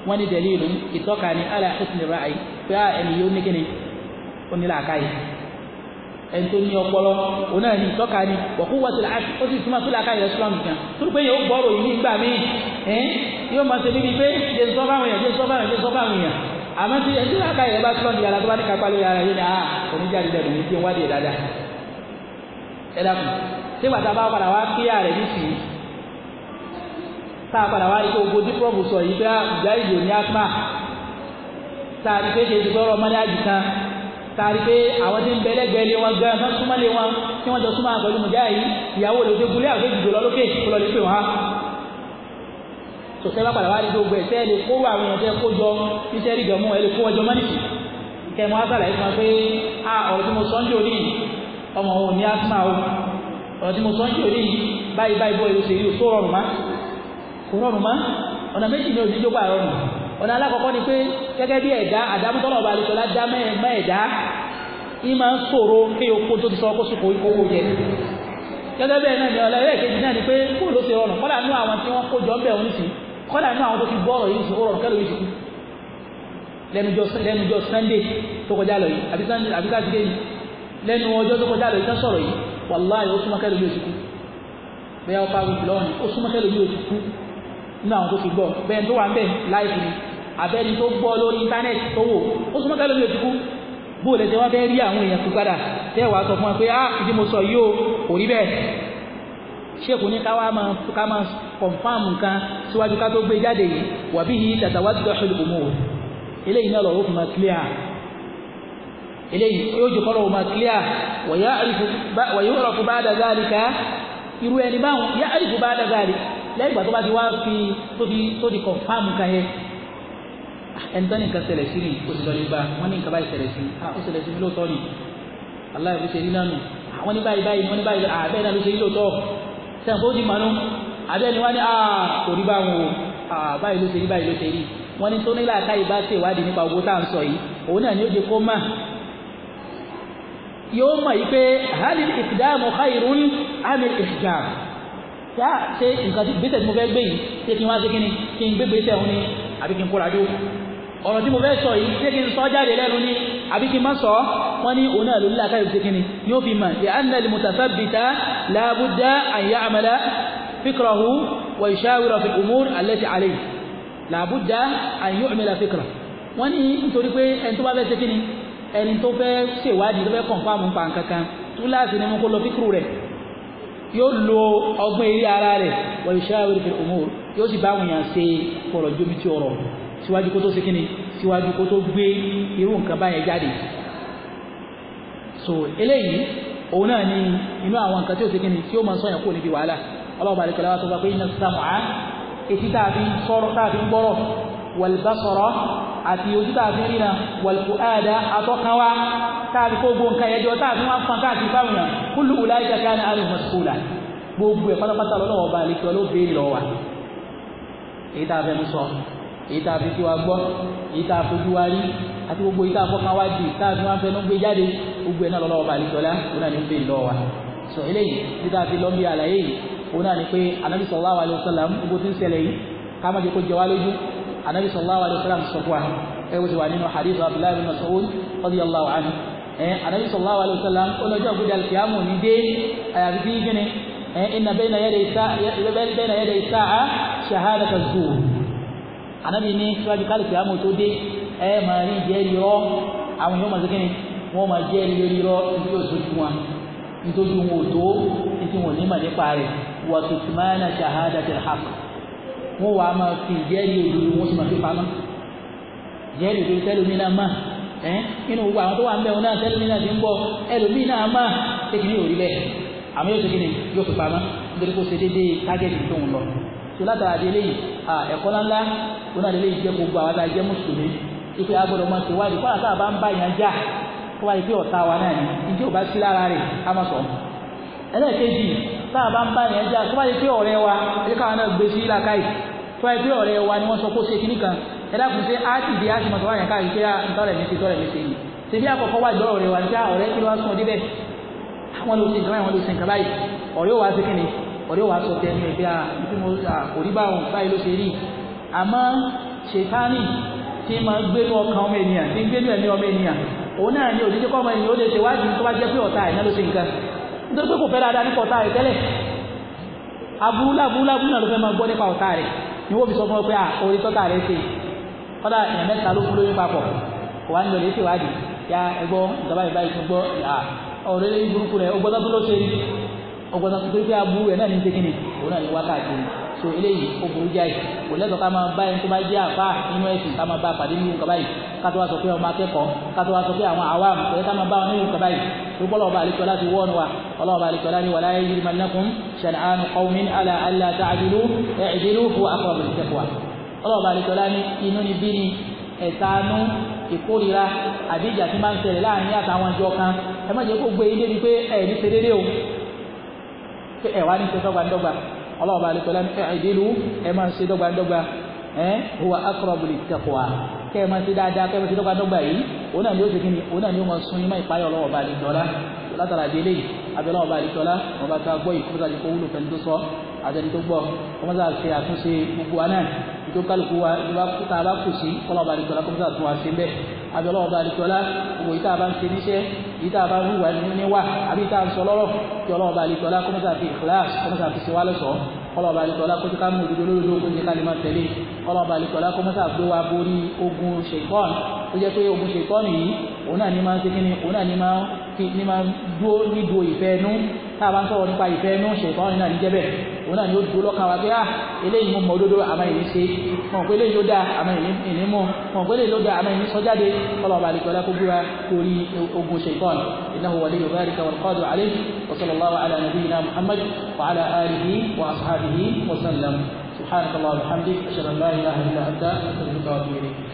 [SPEAKER 2] wọ́n ní dalilun ìtọ́ka ni ala husni ra'ayi pé ah, ẹni ní kíni ó ní làákàyè ẹni tó ní ọpọlọ òun náà ní ìtọ́ka ni wọ̀kú wọ́sẹ̀ láti ó sì túmọ̀ sí làákàyè islam nìkan torí pé yóò gbọ́rọ̀ yìí nígbà míì ẹ́n yóò máa ṣe bíbí pé jẹ́ ń sọ́fà àwọn èèyàn jẹ́ ń sọ́fà àwọn èèyàn jẹ́ ń sọ́fà àwọn èèyàn àmọ́ tí ẹni tí làákàyè bá sọ́ọ̀ ní yàrá tó bá ní kápá lórí ara yìí ni àá oníjàre dẹ̀ lòun ti ń wádìí dáadáa ẹ dákun ṣé bàtà bá padà wá kíyà rẹ̀ nísìnyí tá a padà wá rí pé ogun dípọ́ọ̀bù sọ yìí pé ìjà ah, ìjò ní asma tá a rí pé ṣe ti gbọ́rọ̀ mọ́lẹ́ àjùkan tààrí pé àwọn tí ń bẹ lẹ́gbẹ̀ẹ́ lé wọn gan sán súnmọ́ lé wọn tí wọ́n jọ súnmọ́ pẹ̀lú mùjá yìí ìyàwó lòdì gúlé àwọn èjìdò lọ lókè kó lọ lè pè wọ́n sòsẹ́ bá padà wá ní gbogbo ẹ̀sẹ́ lè kó àwọn èèyàn tẹ́ kó jọ iṣẹ́ rí gẹ̀mú ẹ lè kó ọjọ́ mọ́nìkì kẹmọ́ ásàlà yìí máa pé a ọ̀rọ̀ tí mo sọ ń jò ní ọmọ òun ní asma o ọ̀rọ̀ tí mo sọ ń jò ní báyìí báyìí bó ẹ̀rọ ṣèlú tó rọrùn má kò rọrùn má ọ̀nà méjì ni òjijì gbà rọrùn ọ̀nà alákọ̀ọ́kọ́ ni pé gẹ́gẹ́ bí ẹ̀dá àdámútọ́lọ̀ yìí máa ń ṣòro kí oko tó ti sọ kó sùkò owó yẹ gẹ́gẹ́ bẹ́ẹ̀ náà ni ọ̀la ẹlẹ́ẹ̀kejì náà ni pé kó ló ṣe rọrùn kọ́dà nú àwọn tí wọ́n kó jọ ń bẹ̀ òun sí kọ́dà nú àwọn tó fi bọ́ọ̀rọ̀ yìí sí ó rọrùn kẹ́lò yìí sí lẹ́nujọ Sunday tó kọjá lọ yìí àbí sátidé yìí lẹ́nu ọjọ́ tó kọjá lọ yìí sọ́sọ̀rọ̀ yìí wàláyé ó súnmọ́ kẹ́lò yìí sí kú bẹ́ẹ̀ ọ̀pá gbogbo lọ́rùn ó súnmọ́ kẹ́lò yìí sí kú nínú àwọn tó fi gbọ́ bẹ́ẹ̀ tó wà ń bẹ̀ láìpẹ́ àbẹ́ni tó gbọ́ lórí íńtánẹ́ẹ̀tì tó wò ó súnmọ́ yìí sí bó lẹsẹ wá fẹ́ rí àwọn èèyàn tó padà tẹ́ wàá sọ fún wa pé á ah, ìdí mo sọ yóò kò rí bẹ́ẹ̀ ṣéèkù ní ká wàá máa ká máa confam nǹkan síwájú ká tó gbé jáde yìí wà bí yìí tàtàwájú tó ṣòlù mọ́ o eléyìí náà lọ́wọ́ fún ma clear eléyìí yóò jù kọ́ lọ́wọ́ ma clear wàyà ọ̀rọ̀ fún bá dàgáàlì ká irú ẹni báwọn yà á rí fún bá lẹ́yìn ìgbà tó bá ti wá fi tó ti confam nǹkan yẹn ẹni tó ní nǹkan ṣẹlẹ̀ sí ni o sì lọ lè bá wọn ní nǹkan báyìí ṣẹlẹ̀ sí o ah, ṣẹlẹ̀ sí mi lóòótọ́ ni aláì ló ṣe rí nánu àwọn ah, ní báyìí báyìí wọn ní báyìí àbẹ́ẹ̀ ah, náà ló ṣe rí lóòótọ́ sẹ́ǹkó di mànú àbẹ́ẹ̀ ni wọ́n ní kò rí báwọn o báyìí ló ṣe rí báyìí ló ṣe rí wọ́n ní tó ní láàká ìbá ṣe ìwádìí nípa owó tá à ń sọ yìí òun náà ni ó jẹ kó mà yóò mọ̀ yìí pé hali ìfìdáàmù khairun ami ìfìdáàmù ṣe nǹkan gbèsè tí mo fẹ́ gbé yìí ṣé kí n wá ṣe kí ni kí n gbé gbèsè òun ni àbí kí n kóra dúró ọ̀rọ̀ tí mo fẹ́ sọ yìí ṣé kí n sọ jáde lẹ́nu ni àbí kí n má sọ wọ́n ní òun náà ló lílà káyọ̀ ṣe kíni ni ó fi mà lè annal mutasabbita labudda an ya'mala fikrahu wa yushawira fi umur allati alayhi labudda an yu'mila fikra wọ́n ní nítorí pé ẹni tó bá fẹ́ ṣe kíni ẹni tó fẹ́ ṣèwádìí tó fẹ́ kọ̀ǹfàmù pa nǹkankan túláàsì ni mo yóò lo ọgbọ́n eré ara rẹ̀ wa yushawira fi umur yóò sì bá àwọn èèyàn ṣe kọ̀rọ̀ jómi tí ọ̀rọ̀ síwájú kó tó ṣe kíni síwájú kó tó gbé irú nǹkan báyẹn jáde so eléyìí òun náà ni inú àwọn nǹkan tí ó ṣe kíni tí ó máa ń sọyàn kó níbi wàhálà ọlọ́ọ̀bà àlekọ̀ láwa tó sọ pé iná sàmùá etí tá a fi sọ̀rọ̀ tá a fi gbọ́rọ̀ wàlbásọ̀rọ̀ àti ojú tá a fi ríran wàlfùáàdá atọ́kánwá tá a fi kó gbóǹkà ẹjọ́ tá a fi wọn fọn káàkiri fáwọn èèyàn kúlù èyí tá a fi tí wa gbọ́ èyí tá a fojú wa rí àti gbogbo èyí tá a fọkàn wa di tá a fi wọn fẹnu gbé jáde gbogbo ẹ̀ náà lọ́wọ́ bá àlejòlá òun náà ní bẹ́ẹ̀ lọ́wọ́ wa sọ eléyìí tí tá a fi lọ́ bí àlàyé yìí òun náà ni pé anabi sallallahu alayhi wa sallam gbogbo tí ń ṣẹlẹ̀ yìí ká má jẹ́ kó jẹ wá lójú anabi sallallahu alayhi wa sallam sọ fún wa ẹ wọ́n ti wà nínú hadith abdullahi bin mas'ud radiyallahu anhu ẹ anabi sallallahu alayhi wa sallam ọlọ́jọ́ gbọdọ̀ alkiyamu ní dé àyàfi bí gíní ẹ inna bayna yaday sa'a shahadatan anabi ní síwájú kálí kìámù tó dé ẹ máa rí ìjẹ́rìí rọ àwọn èèyàn máa sẹ́kẹ́ni wọ́n máa jẹ́rìí lórí rọ nítorí òṣojú wọn nítorí wọn ò tó títí wọn ní màdé parí wà tutmana shahadatil haqq wọn wà á máa fi ìjẹ́rìí òdodo wọn sì máa fi pamọ́ ìjẹ́rìí òdodo tẹ́lómi náà máa ẹ inú gbogbo àwọn tó wà ń bẹ wọn náà tẹ́lẹ̀ náà ti ń bọ̀ ẹlòmíì náà má tẹ́kì ní òrí bẹ́ẹ̀ àmọ́ yóò tẹ́kì ní yóò fi pamọ́ nítorí kó ṣe déédéé tágẹ́tì tó ń lọ tó látara di eléyìí à ẹ̀kọ́ ńláńlá tó náà lè jẹ́ gbogbo àwọn tá a jẹ́ mùsùlùmí ipe agbọ́dọ̀ máa ṣe wádìí kọ́lá tá a bá ń bá yàn já tó wáyé pé ọ̀tá wa náà ni ìdí ò bá sí lára rẹ̀ á má sọ ẹlẹ́ẹ̀kejì tá a bá ń bá yàn já tó wáyé pé ọ̀rẹ́ wa ẹ̀jẹ̀ káwọn náà gbé sí làkàyè tó wáyé wa ni wọ́n sọ kó ṣe kan ẹ̀dá kùn sí áàtì di áàtì mọ̀tò wáyà káàkiri pé ah, ntọ́rẹ̀ mi ṣe tọ́rẹ̀ mi ṣe yìí ṣèbí àkọ́kọ́ wá ìjọ́rọ̀ rẹ̀ wá ní ká ah, ọ̀rẹ́ kí ló wá sún ọ débẹ̀ àwọn ló ṣe nǹkan báyìí wọ́n ló ṣe nǹkan ọ̀rẹ́ wa sọ tẹnu ẹ̀ pé à ah, ibi mo ah, kò rí báwọn báyìí ló ṣe rí àmọ́ ṣètánì tí ma gbénu ọkàn ọmọ ènìyàn tí gbénu ẹ̀mí ọmọ ènìyàn òun náà ni òdíjẹ́ kọ́ ọmọ ènìyàn ó lè ṣe wádìí tó bá jẹ́ pé ọ̀tá ẹ̀ náà ló ṣe nǹkan nítorí pé kò fẹ́ dáadáa nípa ọ̀tá rẹ̀ tẹ́lẹ̀ aburú láburú láburú náà ló fẹ́ máa gbọ́ nípa ọ̀tá rẹ̀ ni wọ́n fi sọ fún ọ pé à ah, orí tọ́ta rẹ̀ ṣe kọ́dà èèyàn mẹ́ta ló kú lóyún papọ̀ kò wá nílò lè ṣèwádìí ya ẹgbọ́ ìjọba ìbáyìí ọgbọ́dọ̀ tó pé aburú rẹ̀ náà ní tẹ́kínì òun náà ní wákàtí so eléyìí ó burú jáì kò lẹ́tọ̀ọ́ ká máa bá ẹni tó bá jẹ́ àfa nínú ẹ̀sìn ká máa bá pàdé nínú nǹkan báyìí ká tó wá sọ pé ọmọ akẹ́kọ̀ọ́ ká tó wá sọ pé àwọn àwam kò yẹ ká máa bá wọn nínú nǹkan báyìí tó gbọ́ lọ́wọ́ bá àlejò láti wọ́ọ̀nù wa ọlọ́wọ́ bá àlejò láti wà láyé yìí mọ̀lẹ́kùn ṣẹ̀dáàánú qawmin ala alla ta'dilu i'dilu huwa ẹ̀ pé ẹ̀ wá ní ṣe dọ́gbandọ́gba ọlọ́ọ̀bá alẹ́kọ̀ọ́lá ní ẹ̀ẹ́dẹ́lu ẹ̀ máa ń ṣe dọ́gbandọ́gba ẹ̀ huwa aqrabu lit-taqwa kẹ́ ẹ̀ máa ṣe dáadáa kẹ́ ẹ̀ máa ṣe dọ́gbandọ́gba yìí òun náà ni ó ṣe kí ni òun náà ni ó máa sun imá ìpáyọ̀ ọlọ́ọ̀bá alẹ́kọ̀ọ́lá látara délé abẹ́lẹ́ ọba àdìsọ́lá ọba ká gbọ́ ìkúrúta ní kó wúlò fẹ́ni tó abẹ́lẹ́ ọba àlìkọ́lá gbogbo ìta bá ń ṣe níṣẹ́ ìta bá ń wà níwà àbí ìta ń sọ lọ́rọ̀ kí ọlọ́ọba àlìkọ́lá kọ́mọ́sà fi ìkìláàsì kọ́mọ́sà fi ṣe wá lọ́sọ̀ọ́ ọlọ́ọ̀bá àlìkọ́lá kó ti ká mú òdodo lódodo kó ti ká lè máa tẹ̀lé ọlọ́ọ̀bá àlìkọ́lá kó mọ́sà gbé wa borí ogun ṣèkọ́ọ̀nù tó jẹ́ pé ogun ṣèkọ́ọ̀nù yìí òun náà ní máa ń ṣe kí ni òun náà ní máa ń dúó nídùú ìfẹ́ ẹnu tá a bá ń sọ̀rọ̀ nípa ìfẹ́ ẹnu ṣèkọ́ọ̀nù òun náà ni ó dúró lọ́kàn wa pé ah eléyìí mo mọ òdodo àmọ́ èyí ṣe mọ̀ pé eléyìí ló dáa àmọ́ èyí mọ̀ mọ̀ pé eléyìí ló dáa àmọ́ èyí sọ jáde kọlọ́ọ̀bà àlekọ́lá kó búra lórí ogun ṣèkọ́n innahu waliyyu dhalika wal qadiru alayhi wa sallallahu ala nabiyyina muhammad wa ala alihi wa ashabihi wa sallam subhanaka allahumma